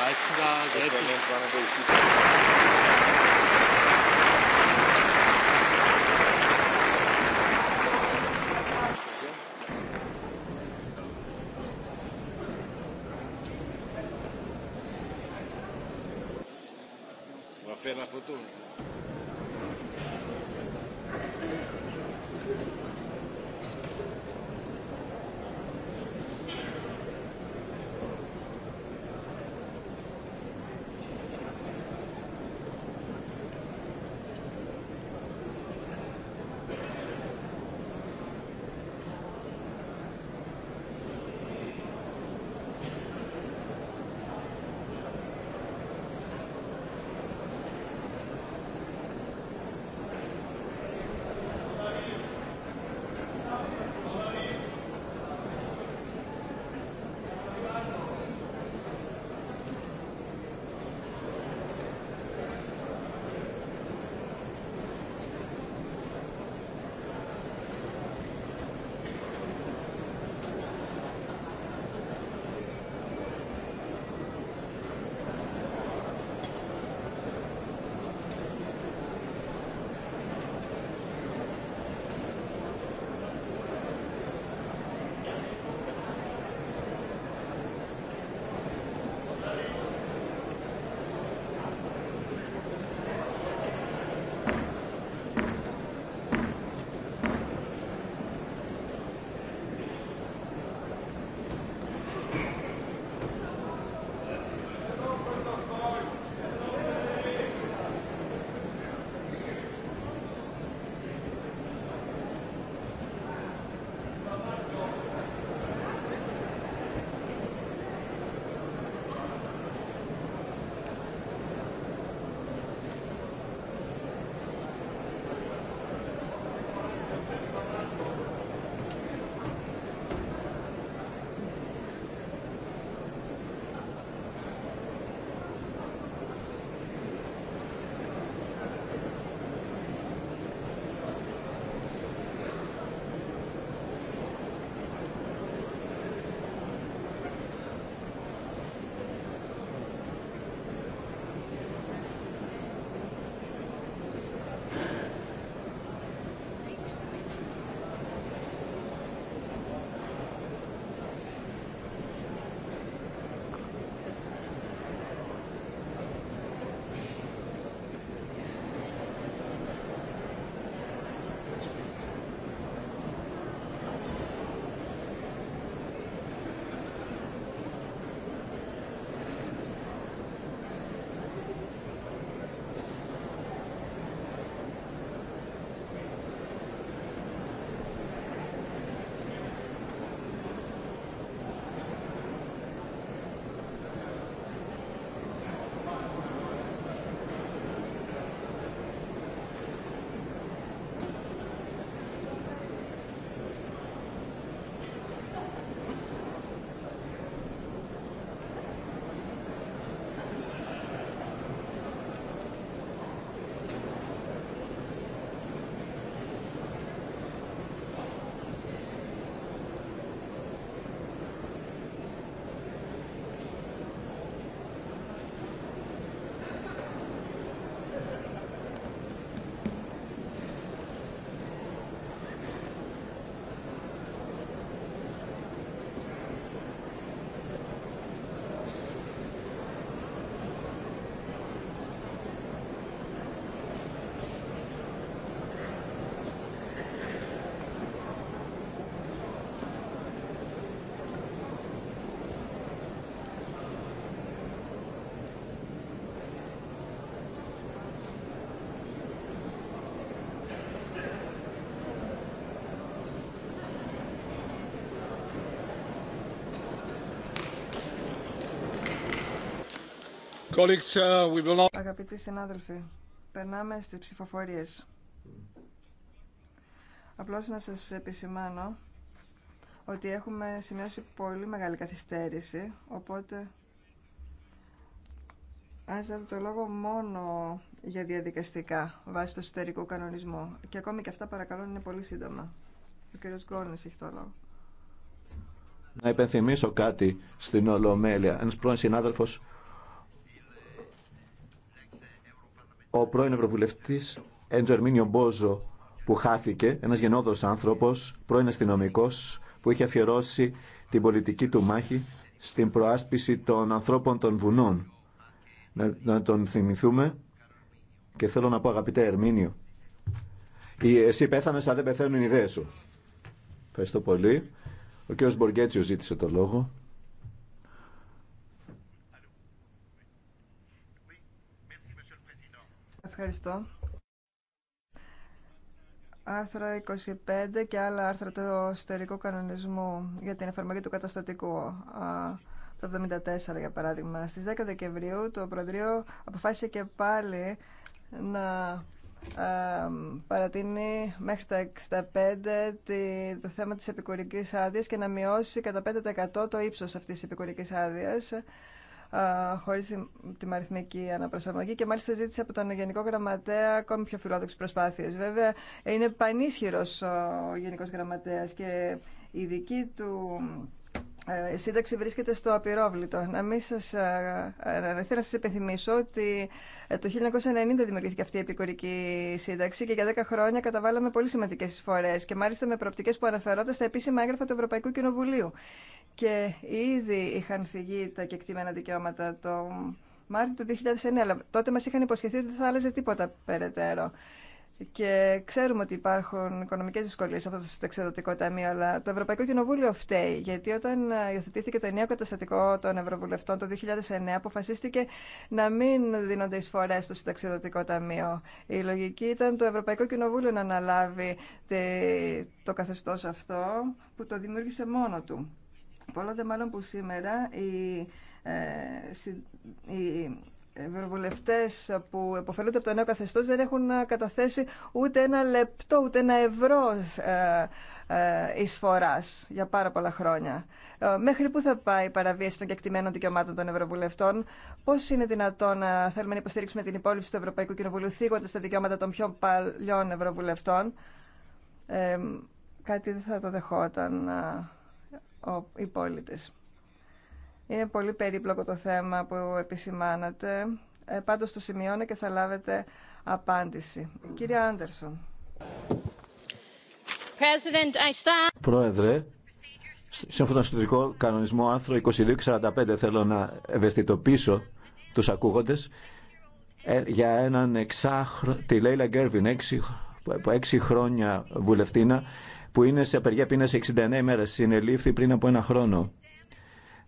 leisten da sehr viel. Uh, Αγαπητοί συνάδελφοι, περνάμε στις ψηφοφορίες. Απλώς να σας επισημάνω ότι έχουμε σημειώσει πολύ μεγάλη καθυστέρηση, οπότε αν ζητάτε το λόγο μόνο για διαδικαστικά βάσει του εσωτερικού κανονισμού. Και ακόμη και αυτά παρακαλώ είναι πολύ σύντομα. Ο κύριος Γκόρνη έχει το λόγο. Να υπενθυμίσω κάτι στην Ολομέλεια. Ένας πρώην συνάδελφος ο πρώην Ευρωβουλευτή Έντζο Ερμίνιο Μπόζο που χάθηκε, ένα γεννόδο άνθρωπο, πρώην αστυνομικό, που είχε αφιερώσει την πολιτική του μάχη στην προάσπιση των ανθρώπων των βουνών. Να, τον θυμηθούμε και θέλω να πω αγαπητέ Ερμίνιο, εσύ πέθανε αλλά δεν πεθαίνουν οι ιδέε σου. Ευχαριστώ πολύ. Ο κ. Μποργκέτσιο ζήτησε το λόγο. Ευχαριστώ. Άρθρο 25 και άλλα άρθρα του εσωτερικού κανονισμού για την εφαρμογή του καταστατικού. Το 1974, για παράδειγμα. Στις 10 Δεκεμβρίου το Προεδρείο αποφάσισε και πάλι να παρατείνει μέχρι τα 65 το θέμα της επικουρικής άδειας και να μειώσει κατά 5% το ύψος αυτής της επικουρικής άδειας χωρί τη αριθμική αναπροσαρμογή και μάλιστα ζήτησε από τον Γενικό Γραμματέα ακόμη πιο φιλόδοξε προσπάθειε. Βέβαια, είναι πανίσχυρος ο Γενικό Γραμματέα και η δική του ε, η σύνταξη βρίσκεται στο απειρόβλητο. Να μην σας, ε, ε, να σας υπενθυμίσω ότι το 1990 δημιουργήθηκε αυτή η επικουρική σύνταξη και για 10 χρόνια καταβάλαμε πολύ σημαντικές εισφορές και μάλιστα με προοπτικές που αναφερόνται στα επίσημα έγγραφα του Ευρωπαϊκού Κοινοβουλίου. Και ήδη είχαν φυγεί τα κεκτήμενα δικαιώματα το Μάρτιο του 2009, αλλά τότε μας είχαν υποσχεθεί ότι δεν θα άλλαζε τίποτα περαιτέρω. Και ξέρουμε ότι υπάρχουν οικονομικέ δυσκολίε σε αυτό το συνταξιδοτικό ταμείο, αλλά το Ευρωπαϊκό Κοινοβούλιο φταίει. Γιατί όταν ε, υιοθετήθηκε το νέο καταστατικό των Ευρωβουλευτών το 2009, αποφασίστηκε να μην δίνονται εισφορέ στο συνταξιδοτικό ταμείο. Η λογική ήταν το Ευρωπαϊκό Κοινοβούλιο να αναλάβει το καθεστώ αυτό που το δημιούργησε μόνο του. Πολλά δε μάλλον που σήμερα η, ε, ευρωβουλευτές που επωφελούνται από το νέο καθεστώς δεν έχουν καταθέσει ούτε ένα λεπτό, ούτε ένα ευρώ ε, ε, εισφοράς για πάρα πολλά χρόνια. Ε, μέχρι πού θα πάει η παραβίαση των κεκτημένων δικαιωμάτων των ευρωβουλευτών, πώς είναι δυνατόν να θέλουμε να υποστηρίξουμε την υπόλοιψη του Ευρωπαϊκού Κοινοβουλίου θίγοντας τα δικαιώματα των πιο παλιών ευρωβουλευτών. κάτι δεν θα το δεχόταν ο, οι είναι πολύ περίπλοκο το θέμα που επισημάνατε. Ε, πάντως το σημειώνω και θα λάβετε απάντηση. Κύριε Άντερσον. Πρόεδρε, σύμφωνα τον ιστορικό κανονισμό άρθρο 2245 θέλω να ευαισθητοποιήσω τους ακούγοντες ε, για έναν εξάχρο, τη Λέιλα Γκέρβιν, έξι, χρόνια βουλευτήνα, που είναι σε απεργία σε 69 ημέρες, συνελήφθη πριν από ένα χρόνο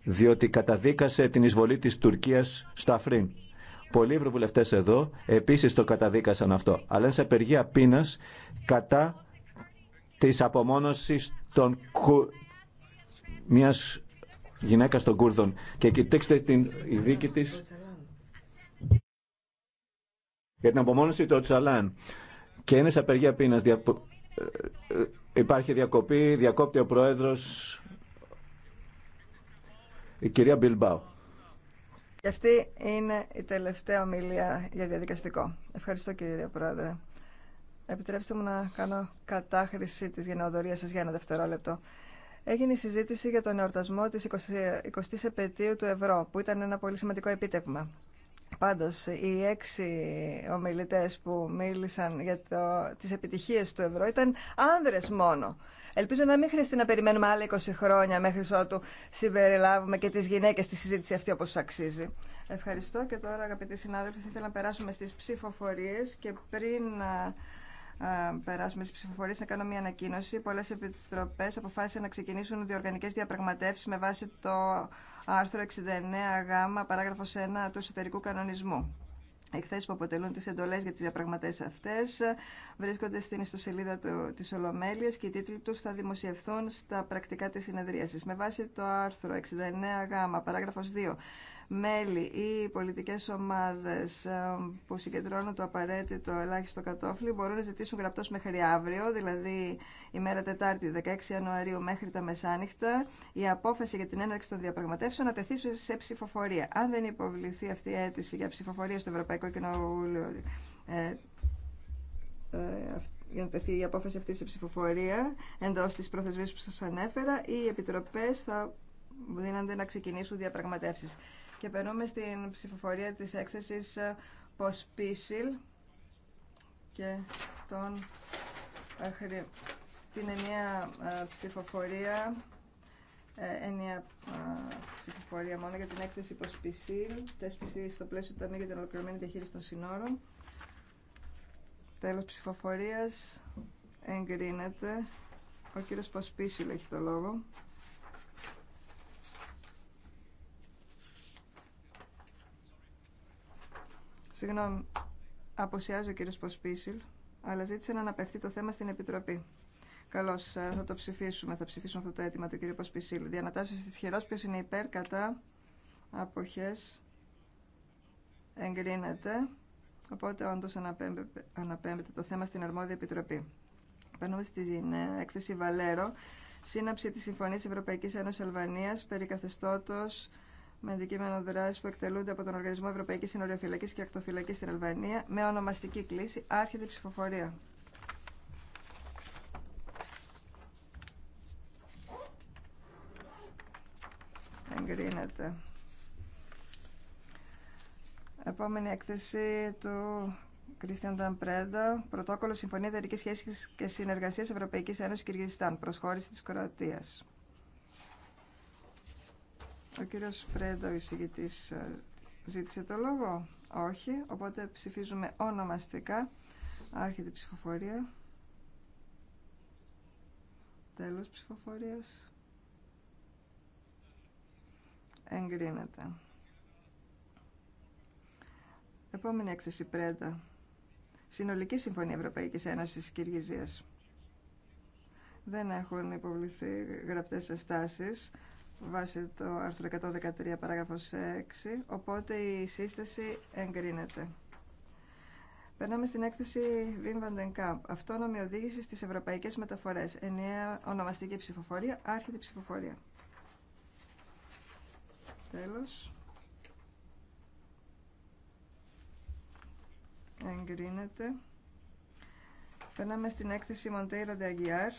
διότι καταδίκασε την εισβολή της Τουρκίας στα Αφρίν. Πολλοί ευρωβουλευτές εδώ επίσης το καταδίκασαν αυτό, αλλά σε απεργία πείνας κατά της απομόνωσης των μιας γυναίκας των Κούρδων. Και κοιτάξτε την η δίκη της για την απομόνωση του Τσαλάν. Και είναι σε απεργία πείνας. Ε, ε, υπάρχει διακοπή, διακόπτει ο Πρόεδρος η κυρία Μπιλμπάου. Και αυτή είναι η τελευταία ομιλία για διαδικαστικό. Ευχαριστώ κύριε Πρόεδρε. Επιτρέψτε μου να κάνω κατάχρηση της γενναιοδορίας σας για ένα δευτερόλεπτο. Έγινε η συζήτηση για τον εορτασμό της 20ης επαιτίου του ευρώ, που ήταν ένα πολύ σημαντικό επίτευγμα. Πάντως, οι έξι ομιλητές που μίλησαν για το, τις επιτυχίες του ευρώ ήταν άνδρες μόνο. Ελπίζω να μην χρειαστεί να περιμένουμε άλλα 20 χρόνια μέχρι ότου συμπεριλάβουμε και τι γυναίκε στη συζήτηση αυτή όπως αξίζει. Ευχαριστώ και τώρα αγαπητοί συνάδελφοι θα ήθελα να περάσουμε στι ψηφοφορίε και πριν περάσουμε στι ψηφοφορίε, να κάνω μια ανακοίνωση. Πολλέ επιτροπέ αποφάσισαν να ξεκινήσουν διοργανικέ διαπραγματεύσει με βάση το άρθρο 69 γ, παράγραφο 1 του εσωτερικού κανονισμού εκθέσει που αποτελούν τις εντολές για τις διαπραγματεύσεις αυτές βρίσκονται στην ιστοσελίδα του, της Ολομέλειας και οι τίτλοι τους θα δημοσιευθούν στα πρακτικά της συνεδρίασης. Με βάση το άρθρο 69 γ, παράγραφος 2 μέλη ή πολιτικές ομάδες ε, που συγκεντρώνουν το απαραίτητο ελάχιστο κατόφλι μπορούν να ζητήσουν γραπτός μέχρι αύριο, δηλαδή ημέρα Τετάρτη 16 Ιανουαρίου μέχρι τα μεσάνυχτα, η απόφαση για την έναρξη των διαπραγματεύσεων να τεθεί σε ψηφοφορία. Αν δεν υποβληθεί αυτή η αίτηση για ψηφοφορία στο Ευρωπαϊκό Κοινοβούλιο ε, ε, για να τεθεί η απόφαση αυτή σε ψηφοφορία εντό τη προθεσμίας που σα ανέφερα, οι επιτροπέ θα δίνονται να ξεκινήσουν διαπραγματεύσει. Και περνούμε στην ψηφοφορία της έκθεσης ε, Ποσπίσιλ και τον, ε, την ενιαία ε, ψηφοφορία ψηφοφορία μόνο για την έκθεση Ποσπίσιλ θέσπιση στο πλαίσιο του για την Ολοκληρωμένη Διαχείριση των Συνόρων Τέλος ψηφοφορίας εγκρίνεται ο κύριος Ποσπίσιλ έχει το λόγο Συγγνώμη, αποσιάζει ο κύριο Ποσπίσιλ, αλλά ζήτησε να αναπευθεί το θέμα στην Επιτροπή. Καλώ, ε, θα το ψηφίσουμε. Θα ψηφίσουμε αυτό το αίτημα του κύριου Ποσπισίλ. Διανατάσσεω τη χειρό, ποιο είναι υπέρ, κατά, αποχέ, εγκρίνεται. Οπότε, όντω, αναπέμπεται το θέμα στην αρμόδια επιτροπή. Παίρνουμε στην ε, έκθεση Βαλέρο, σύναψη τη Συμφωνία Ευρωπαϊκή Ένωση Αλβανία περί με αντικείμενο δράση που εκτελούνται από τον Οργανισμό Ευρωπαϊκή Συνοριοφυλακή και Ακτοφυλακή στην Αλβανία με ονομαστική κλίση άρχεται η ψηφοφορία. Εγκρίνεται. Επόμενη έκθεση του Κρίστιαν Ταμπρέντα. Πρωτόκολλο Συμφωνία Εταιρική Σχέση και Συνεργασία Ευρωπαϊκή Ένωση Κυργιστάν. Προσχώρηση τη Κροατία. Ο κύριος Πρέντα, ο εισηγητής, ε, ζήτησε το λόγο. Όχι, οπότε ψηφίζουμε ονομαστικά. Άρχεται η ψηφοφορία. Τέλος ψηφοφορίας. Εγκρίνεται. Επόμενη έκθεση Πρέντα. Συνολική Συμφωνία Ευρωπαϊκής Ένωσης Κυργιζίας. Δεν έχουν υποβληθεί γραπτές αστάσεις βάσει το άρθρο 113 παράγραφος 6, οπότε η σύσταση εγκρίνεται. Περνάμε στην έκθεση Wim van den Αυτόνομη οδήγηση στις ευρωπαϊκές μεταφορές. Ενιαία ονομαστική ψηφοφορία. άρχιτη ψηφοφορία. Τέλος. Εγκρίνεται. Περνάμε στην έκθεση Monteiro de Aguiar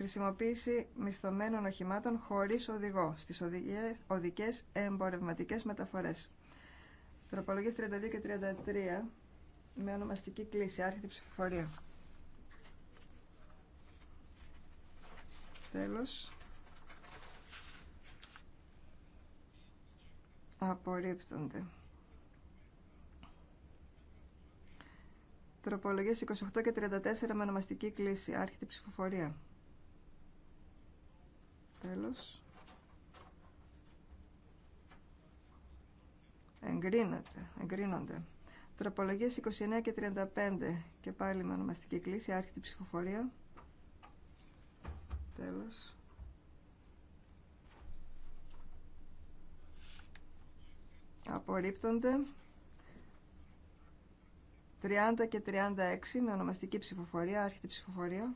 χρησιμοποίηση μισθωμένων οχημάτων χωρίς οδηγό στις οδικές, εμπορευματικέ εμπορευματικές μεταφορές. Τροπολογίες 32 και 33 με ονομαστική κλίση, Άρχιτε ψηφοφορία. Τέλος. Απορρίπτονται. Τροπολογίες 28 και 34 με ονομαστική κλίση, Άρχιτε ψηφοφορία. Τέλος. Εγκρίνεται, εγκρίνονται. Τροπολογίες 29 και 35 και πάλι με ονομαστική κλίση, άρχιτη ψηφοφορία. Τέλος. Απορρίπτονται. 30 και 36 με ονομαστική ψηφοφορία, άρχιτη ψηφοφορία.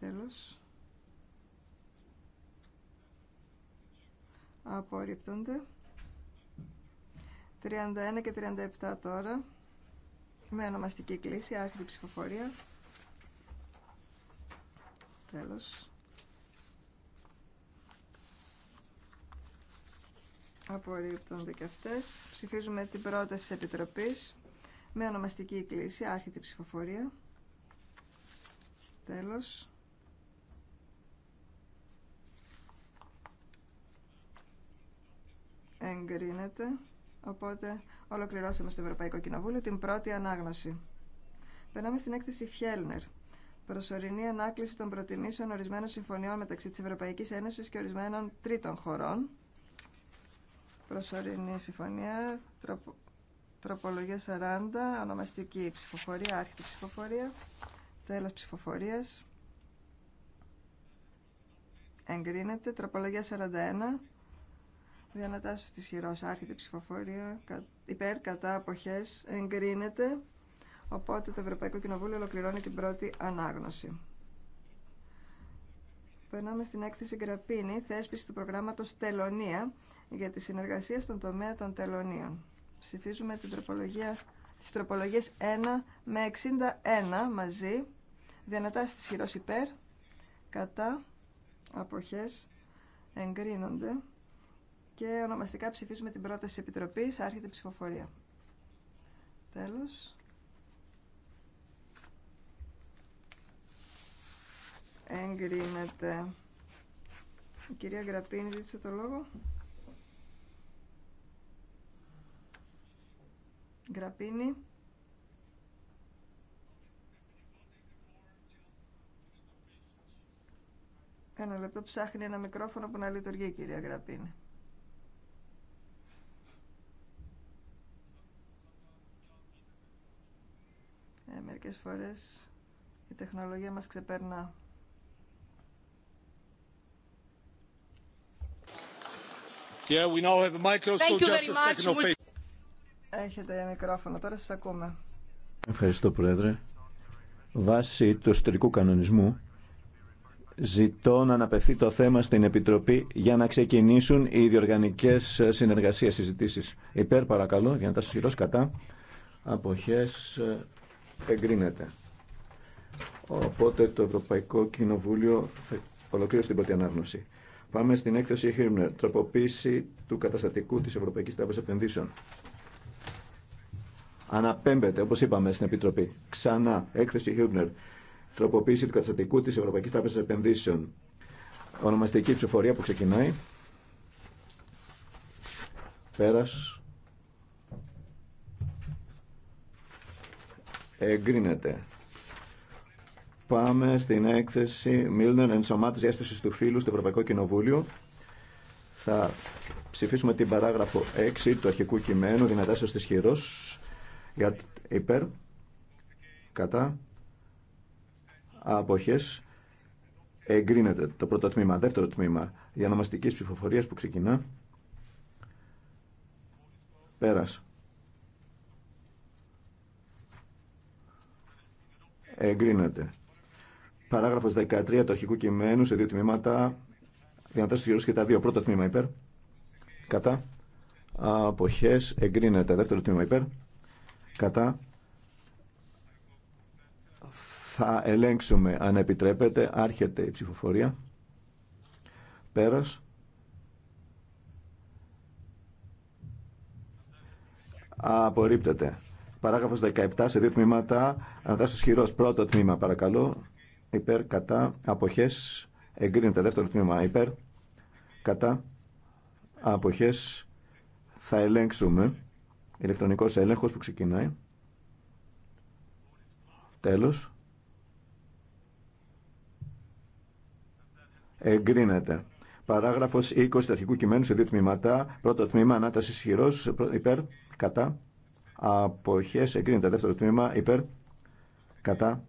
Τέλος. απορρίπτονται 31 και 37 τώρα με ονομαστική κλίση άρχιτη ψηφοφορία τέλος απορρίπτονται και αυτές ψηφίζουμε την πρόταση της Επιτροπής με ονομαστική κλίση άρχιτη ψηφοφορία τέλος εγκρίνεται. Οπότε ολοκληρώσαμε στο Ευρωπαϊκό Κοινοβούλιο την πρώτη ανάγνωση. Περνάμε στην έκθεση Φιέλνερ. Προσωρινή ανάκληση των προτιμήσεων ορισμένων συμφωνιών μεταξύ τη Ευρωπαϊκή Ένωση και ορισμένων τρίτων χωρών. Προσωρινή συμφωνία, τροπο, τροπολογία 40, ονομαστική ψηφοφορία, άρχιτη ψηφοφορία, τέλος ψηφοφορίας. Εγκρίνεται. Τροπολογία 41, Διανατάσσεως τη χειρός άρχεται η ψηφοφορία. Υπέρ, κατά, αποχές, εγκρίνεται. Οπότε το Ευρωπαϊκό Κοινοβούλιο ολοκληρώνει την πρώτη ανάγνωση. Περνάμε στην έκθεση Γκραπίνη, θέσπιση του προγράμματος Τελωνία για τη συνεργασία στον τομέα των τελωνίων. Ψηφίζουμε την τροπολογία, τις τροπολογίες 1 με 61 μαζί. Διανατάσσει τη χειρό υπέρ, κατά, αποχές, εγκρίνονται. Και ονομαστικά ψηφίζουμε την πρόταση Επιτροπής. Άρχεται η ψηφοφορία. Τέλος. Εγκρίνεται. Η κυρία Γραπίνη ζήτησε το λόγο. Γραπίνη. Ένα λεπτό ψάχνει ένα μικρόφωνο που να λειτουργεί, κυρία Γραπίνη. μερικές φορές η τεχνολογία μας ξεπερνά. Yeah, we now have a Έχετε μικρόφωνο, τώρα σας ακούμε. Ευχαριστώ Πρόεδρε. Βάσει του ιστορικού κανονισμού ζητώ να αναπευθεί το θέμα στην Επιτροπή για να ξεκινήσουν οι διοργανικές συνεργασίες συζητήσεις. Υπέρ παρακαλώ, για να τα κατά. Αποχές εγκρίνεται. Οπότε το Ευρωπαϊκό Κοινοβούλιο θα ολοκλήρωσε την πρώτη ανάγνωση. Πάμε στην έκθεση Χίρμνερ, τροποποίηση του καταστατικού της Ευρωπαϊκής Τράπεζας Επενδύσεων. Αναπέμπεται, όπως είπαμε στην Επιτροπή. Ξανά, έκθεση Χίρμνερ, τροποποίηση του καταστατικού της Ευρωπαϊκής Τράπεζας Επενδύσεων. Ονομαστική ψηφορία που ξεκινάει. Πέρας. εγκρίνεται. Πάμε στην έκθεση Μίλνερ ενσωμάτωση διάσταση του φίλου στο Ευρωπαϊκό Κοινοβούλιο. Θα ψηφίσουμε την παράγραφο 6 του αρχικού κειμένου, δυνατά σας τη χειρός, για υπέρ, κατά, αποχές, εγκρίνεται το πρώτο τμήμα. Δεύτερο τμήμα, για ψηφοφορία ψηφοφορίας που ξεκινά, πέρας. εγκρίνεται. Παράγραφος 13 του αρχικού κειμένου σε δύο τμήματα, δυνατά στους και τα δύο. Πρώτο τμήμα υπέρ, κατά, αποχές, εγκρίνεται. Δεύτερο τμήμα υπέρ, κατά, θα ελέγξουμε αν επιτρέπεται, άρχεται η ψηφοφορία. Πέρας. Απορρίπτεται. Παράγραφος 17 σε δύο τμήματα. Ανατάσσεως χειρός. Πρώτο τμήμα παρακαλώ. Υπέρ, κατά, αποχές. Εγκρίνεται. Δεύτερο τμήμα. Υπέρ, κατά, αποχές. Θα ελέγξουμε. Ηλεκτρονικός έλεγχος που ξεκινάει. Τέλος. Εγκρίνεται. Παράγραφος 20 του αρχικού κειμένου σε δύο τμήματα. Πρώτο τμήμα, ανάταση ισχυρό, υπέρ, κατά, αποχές εγκρίνεται. Δεύτερο τμήμα υπέρ κατά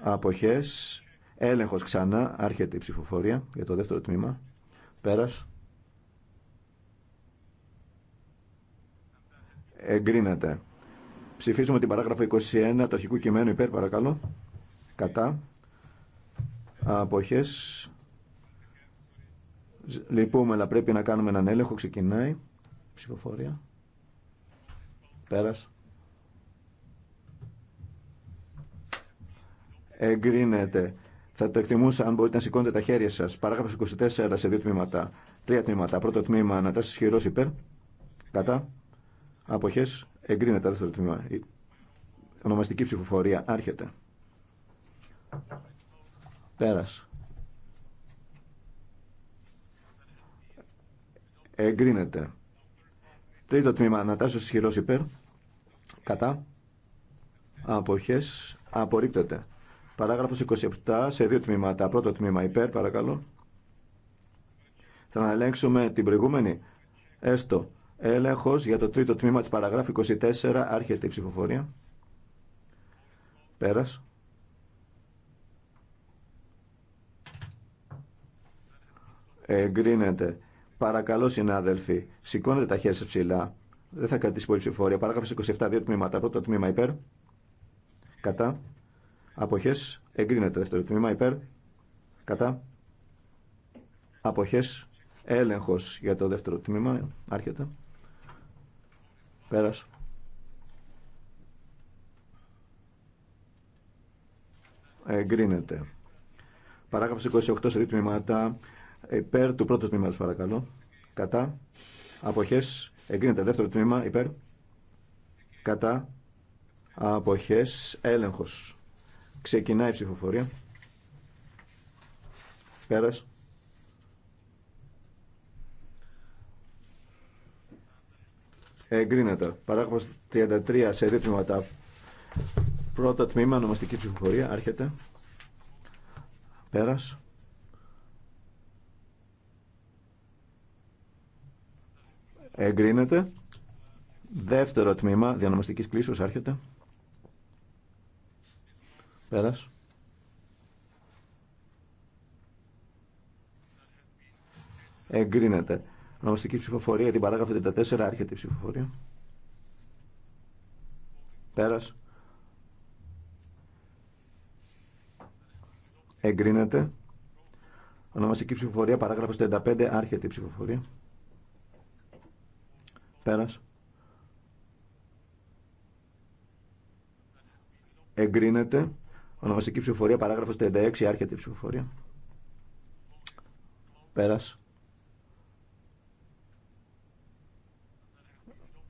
αποχές έλεγχος ξανά άρχεται η ψηφοφορία για το δεύτερο τμήμα πέρας εγκρίνεται. Ψηφίζουμε την παράγραφο 21 του αρχικού κειμένου υπέρ παρακαλώ κατά αποχές λυπούμε αλλά πρέπει να κάνουμε έναν έλεγχο ξεκινάει ψηφοφορία Πέρας. Εγκρίνεται. Θα το εκτιμούσα αν μπορείτε να σηκώνετε τα χέρια σας. Παράγραφος 24 σε δύο τμήματα. Τρία τμήματα. Πρώτο τμήμα ανατάσεις χειρός υπέρ. Κατά. Αποχές. Εγκρίνεται. Δεύτερο τμήμα. Η ονομαστική ψηφοφορία. Άρχεται. Πέρας. Εγκρίνεται. Τρίτο τμήμα. Ανατάσσεως ισχυρός υπέρ. Κατά. Αποχές. Απορρίπτεται. Παράγραφος 27 σε δύο τμήματα. Πρώτο τμήμα υπέρ παρακαλώ. Θα ελέγξουμε την προηγούμενη. Έστω. Έλεγχος για το τρίτο τμήμα της παραγράφου 24. Άρχεται η ψηφοφορία. Πέρας. Εγκρίνεται. Παρακαλώ συνάδελφοι, σηκώνετε τα χέρια ψηλά. Δεν θα κρατήσει πολύ ψηφοφορία. Παράγραφος 27, δύο τμήματα. Πρώτο τμήμα υπέρ. Κατά. Αποχές. Εγκρίνεται. Δεύτερο τμήμα υπέρ. Κατά. Αποχές. Έλεγχος για το δεύτερο τμήμα. Άρχεται. Πέρας. Εγκρίνεται. Παράγραφος 28 σε δύο τμήματα. Υπέρ του πρώτου τμήματος παρακαλώ. Κατά. Αποχές Εγκρίνεται. Δεύτερο τμήμα υπέρ. Κατά. Αποχές. Έλεγχος. Ξεκινάει η ψηφοφορία. Πέρας. Εγκρίνεται. Παράγραφος 33 σε δύο τμήματα. Πρώτο τμήμα, Νομαστική ψηφοφορία. Άρχεται. Πέρας. Εγκρίνεται. Δεύτερο τμήμα διανομαστικής κλίσεως άρχεται. Πέρας. Εγκρίνεται. Ονομαστική ψηφοφορία, την παράγραφο 34, άρχεται η ψηφοφορία. Πέρας. Εγκρίνεται. Ονομαστική ψηφοφορία, παράγραφος 35, άρχεται η ψηφοφορία. Πέρας. Εγκρίνεται. Ονομαστική ψηφοφορία, παράγραφος 36, άρχεται η ψηφοφορία. Πέρας.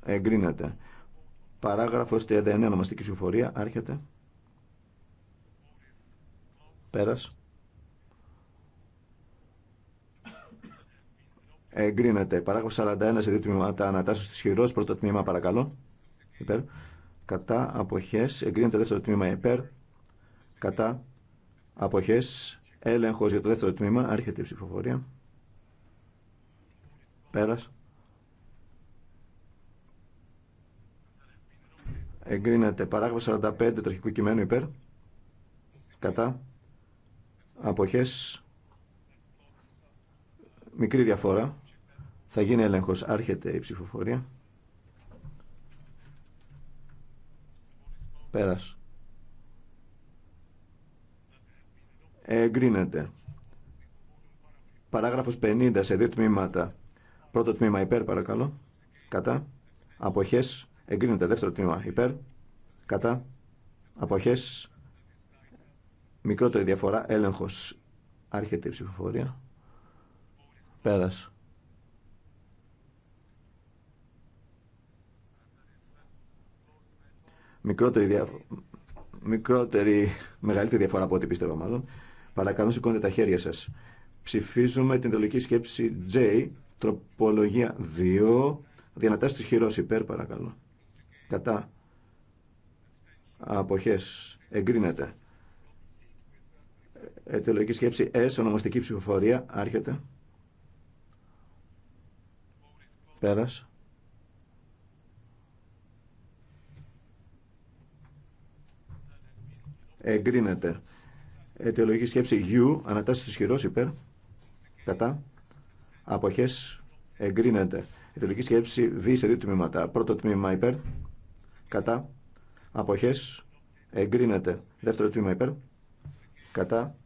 Εγκρίνεται. Παράγραφος 39, ονομαστική ψηφοφορία, άρχεται. Πέρας. εγκρίνεται. Παράγραφο 41 σε δύο τμήματα ανατάσσεως της χειρός. Πρώτο τμήμα παρακαλώ. Υπέρ. Κατά αποχέ, εγκρίνεται δεύτερο τμήμα υπέρ. Κατά απόχέ, έλεγχος για το δεύτερο τμήμα. Άρχεται η ψηφοφορία. Πέρας. Εγκρίνεται Παράγραφο 45 του κειμένου υπέρ. Κατά αποχές μικρή διαφορά θα γίνει έλεγχος. Άρχεται η ψηφοφορία. Πέρας. Εγκρίνεται. Παράγραφος 50 σε δύο τμήματα. Πρώτο τμήμα υπέρ παρακαλώ. Κατά. Αποχές. Εγκρίνεται. Δεύτερο τμήμα υπέρ. Κατά. Αποχές. Μικρότερη διαφορά. Έλεγχος. Άρχεται η ψηφοφορία. Πέρας. Μικρότερη, Μικρότερη, μεγαλύτερη διαφορά από ό,τι πίστευα μάλλον. Παρακαλώ σηκώνετε τα χέρια σας. Ψηφίζουμε την τελική σκέψη J, τροπολογία 2, διανατάσεις χειρό χειρός υπέρ παρακαλώ. Κατά. Αποχές. Εγκρίνεται. Ετεολογική σκέψη S, ονομαστική ψηφοφορία, άρχεται. Πέρας. εγκρίνεται. Αιτιολογική σκέψη U, ανατάσσεται ισχυρό υπέρ, κατά, αποχέ, εγκρίνεται. Αιτιολογική σκέψη V σε δύο τμήματα. Πρώτο τμήμα υπέρ, κατά, αποχέ, εγκρίνεται. Δεύτερο τμήμα υπέρ, κατά,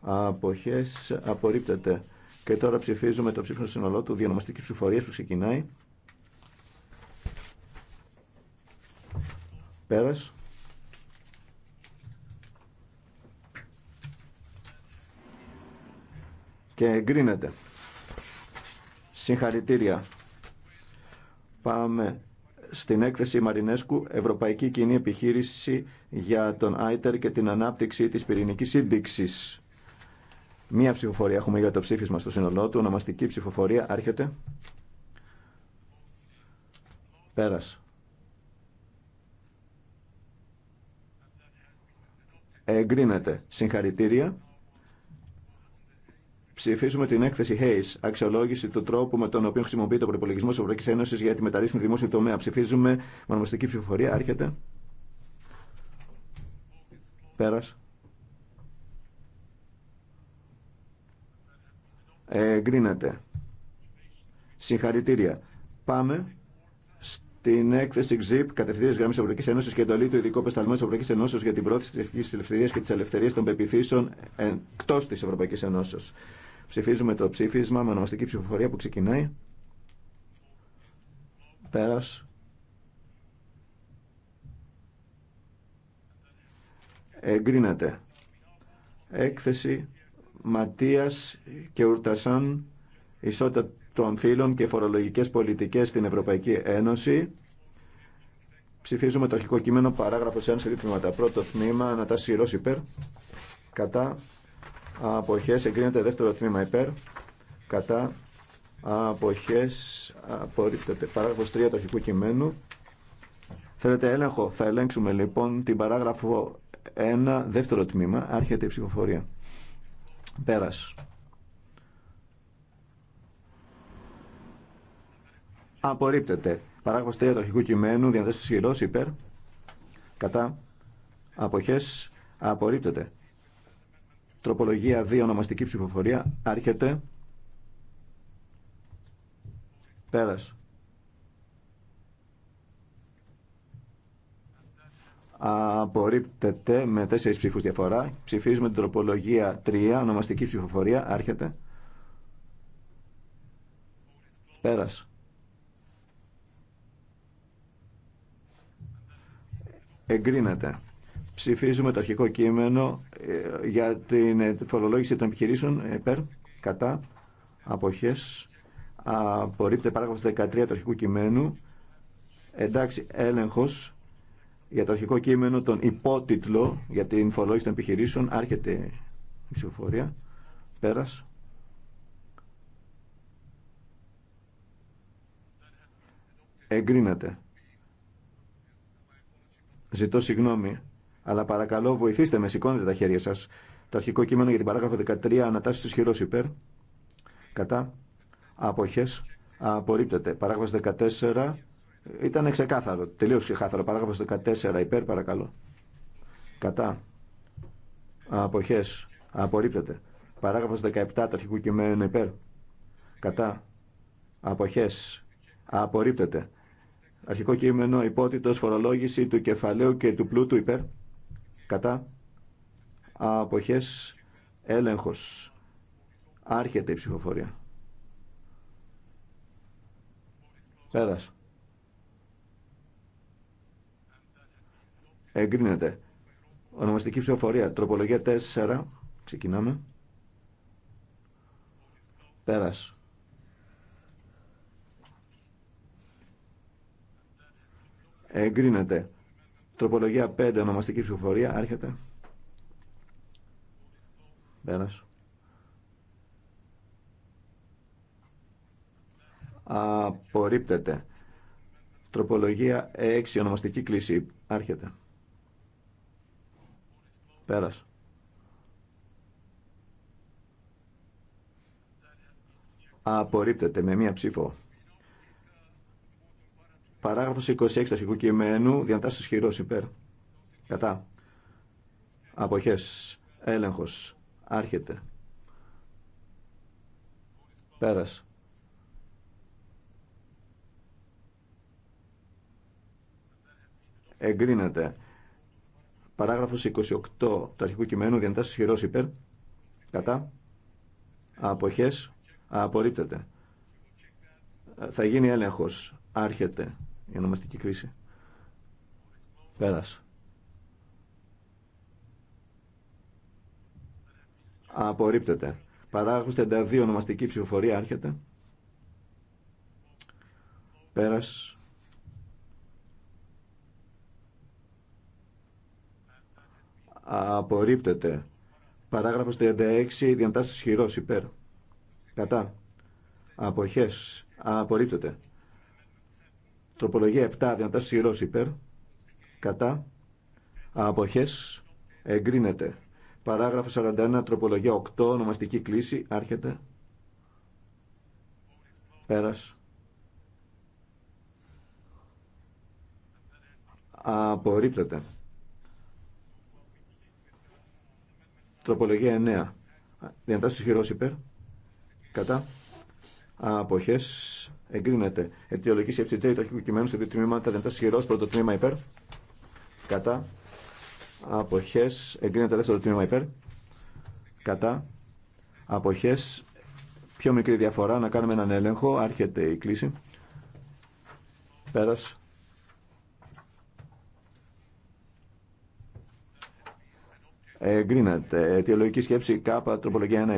αποχέ, απορρίπτεται. Και τώρα ψηφίζουμε το ψήφισμα σύνολό του διανομαστική ψηφορία που ξεκινάει. Πέρασε. και εγκρίνεται. Συγχαρητήρια. Πάμε στην έκθεση Μαρινέσκου Ευρωπαϊκή Κοινή Επιχείρηση για τον ΆΙΤΕΡ και την ανάπτυξη της πυρηνικής σύνδεξης. Μία ψηφοφορία έχουμε για το ψήφισμα στο σύνολό του. Ονομαστική ψηφοφορία άρχεται. Πέρας. Εγκρίνεται. Συγχαρητήρια. Ψηφίζουμε την έκθεση Hayes, αξιολόγηση του τρόπου με τον οποίο χρησιμοποιείται ο προπολογισμό τη Ευρωπαϊκή Ένωση για τη μεταρρύθμιση του δημόσιου τομέα. Ψηφίζουμε μονομαστική ψηφοφορία. Άρχεται. Πέρα. Εγκρίνεται. Συγχαρητήρια. Πάμε στην έκθεση ΞΙΠ, κατευθείαν γραμμή τη Ευρωπαϊκή Ένωση και εντολή του Ειδικού Πεσταλμένου τη Ευρωπαϊκή Ένωση για την πρόθεση τη ελευθερία και τη ελευθερία των πεπιθήσεων εκτό τη Ευρωπαϊκή Ένωση. Ψηφίζουμε το ψήφισμα με ονομαστική ψηφοφορία που ξεκινάει. Πέρας. Εγκρίνεται. Έκθεση Ματίας και Ουρτασάν ισότητα των φίλων και φορολογικές πολιτικές στην Ευρωπαϊκή Ένωση. Ψηφίζουμε το αρχικό κείμενο παράγραφος 1 σε δύο τμήματα. Πρώτο τμήμα, να τα υπέρ, κατά αποχές εγκρίνεται δεύτερο τμήμα υπέρ κατά αποχές απορρίπτεται παράγραφος 3 του αρχικού κειμένου θέλετε έλεγχο θα ελέγξουμε λοιπόν την παράγραφο 1 δεύτερο τμήμα άρχεται η ψηφοφορία πέρας απορρίπτεται παράγραφος 3 του αρχικού κειμένου διαθέσεις ισχυρός υπέρ κατά αποχές απορρίπτεται Τροπολογία 2, ονομαστική ψηφοφορία. Άρχεται. Πέρας. Απορρίπτεται με 4 ψήφους διαφορά. Ψηφίζουμε την τροπολογία 3, ονομαστική ψηφοφορία. Άρχεται. Πέρας. Εγκρίνεται. Ψηφίζουμε το αρχικό κείμενο ε, για την ε, φορολόγηση των επιχειρήσεων ε, υπέρ, κατά, αποχές. Απορρίπτεται παράγραφος 13 του αρχικού κειμένου. Εντάξει, έλεγχος για το αρχικό κείμενο, τον υπότιτλο για την φορολόγηση των επιχειρήσεων. Άρχεται η ψηφοφορία. Πέρας. Εγκρίνεται. Ζητώ συγγνώμη. Αλλά παρακαλώ βοηθήστε με, σηκώνετε τα χέρια σα. Το αρχικό κείμενο για την παράγραφο 13 ανατάσσεται χειρό υπέρ. Κατά. Αποχέ. Απορρίπτεται. Παράγραφος 14. Ήταν ξεκάθαρο. Τελείωσε ξεκάθαρο. Παράγραφος 14 υπέρ παρακαλώ. Κατά. Αποχέ. Απορρίπτεται. Παράγραφος 17 το αρχικού κείμενο υπέρ. Κατά. Αποχέ. Απορρίπτεται. Αρχικό κείμενο υπότιτλος φορολόγηση του κεφαλαίου και του πλούτου υπέρ κατά αποχές έλεγχος άρχεται η ψηφοφορία πέρας εγκρίνεται ονομαστική ψηφοφορία τροπολογία 4 ξεκινάμε πέρας εγκρίνεται Τροπολογία 5, ονομαστική ψηφοφορία, άρχεται. Πέρας. Απορρίπτεται. Τροπολογία 6, ονομαστική κλίση, άρχεται. Πέρας. Απορρίπτεται με μία ψήφο. Παράγραφος 26 του αρχικού κειμένου, διαντάσεις χειρός υπέρ. Κατά. Αποχές. Έλεγχος. Άρχεται. Πέρας. Εγκρίνεται. Παράγραφος 28 του αρχικού κειμένου, διαντάσεις χειρός υπέρ. Κατά. Αποχές. Απορρίπτεται. Ε, θα γίνει έλεγχος. Άρχεται η ονομαστική κρίση. Πέρας. Απορρίπτεται. Παράγραφος 32 ονομαστική ψηφοφορία άρχεται. Πέρας. Απορρίπτεται. Παράγραφος 36 διαντάσεις χειρός υπέρ. Κατά. Αποχές. Απορρίπτεται. Τροπολογία 7, δυνατά σειρός υπέρ, κατά, αποχές, εγκρίνεται. Παράγραφο 41, τροπολογία 8, ονομαστική κλίση, άρχεται. Πέρας. Απορρίπτεται. Τροπολογία 9. Διαντάσει χειρό υπέρ. Κατά. Αποχές εγκρίνεται. Αιτιολογική σκέψη J, το έχει κειμένο σε δύο τμήματα, δεν ισχυρό, πρώτο τμήμα υπέρ. Κατά. Αποχέ, εγκρίνεται δεύτερο τμήμα υπέρ. Κατά. Αποχέ, πιο μικρή διαφορά, να κάνουμε έναν έλεγχο, άρχεται η κλίση. Πέρα. Εγκρίνεται. Αιτιολογική σκέψη K, τροπολογία 1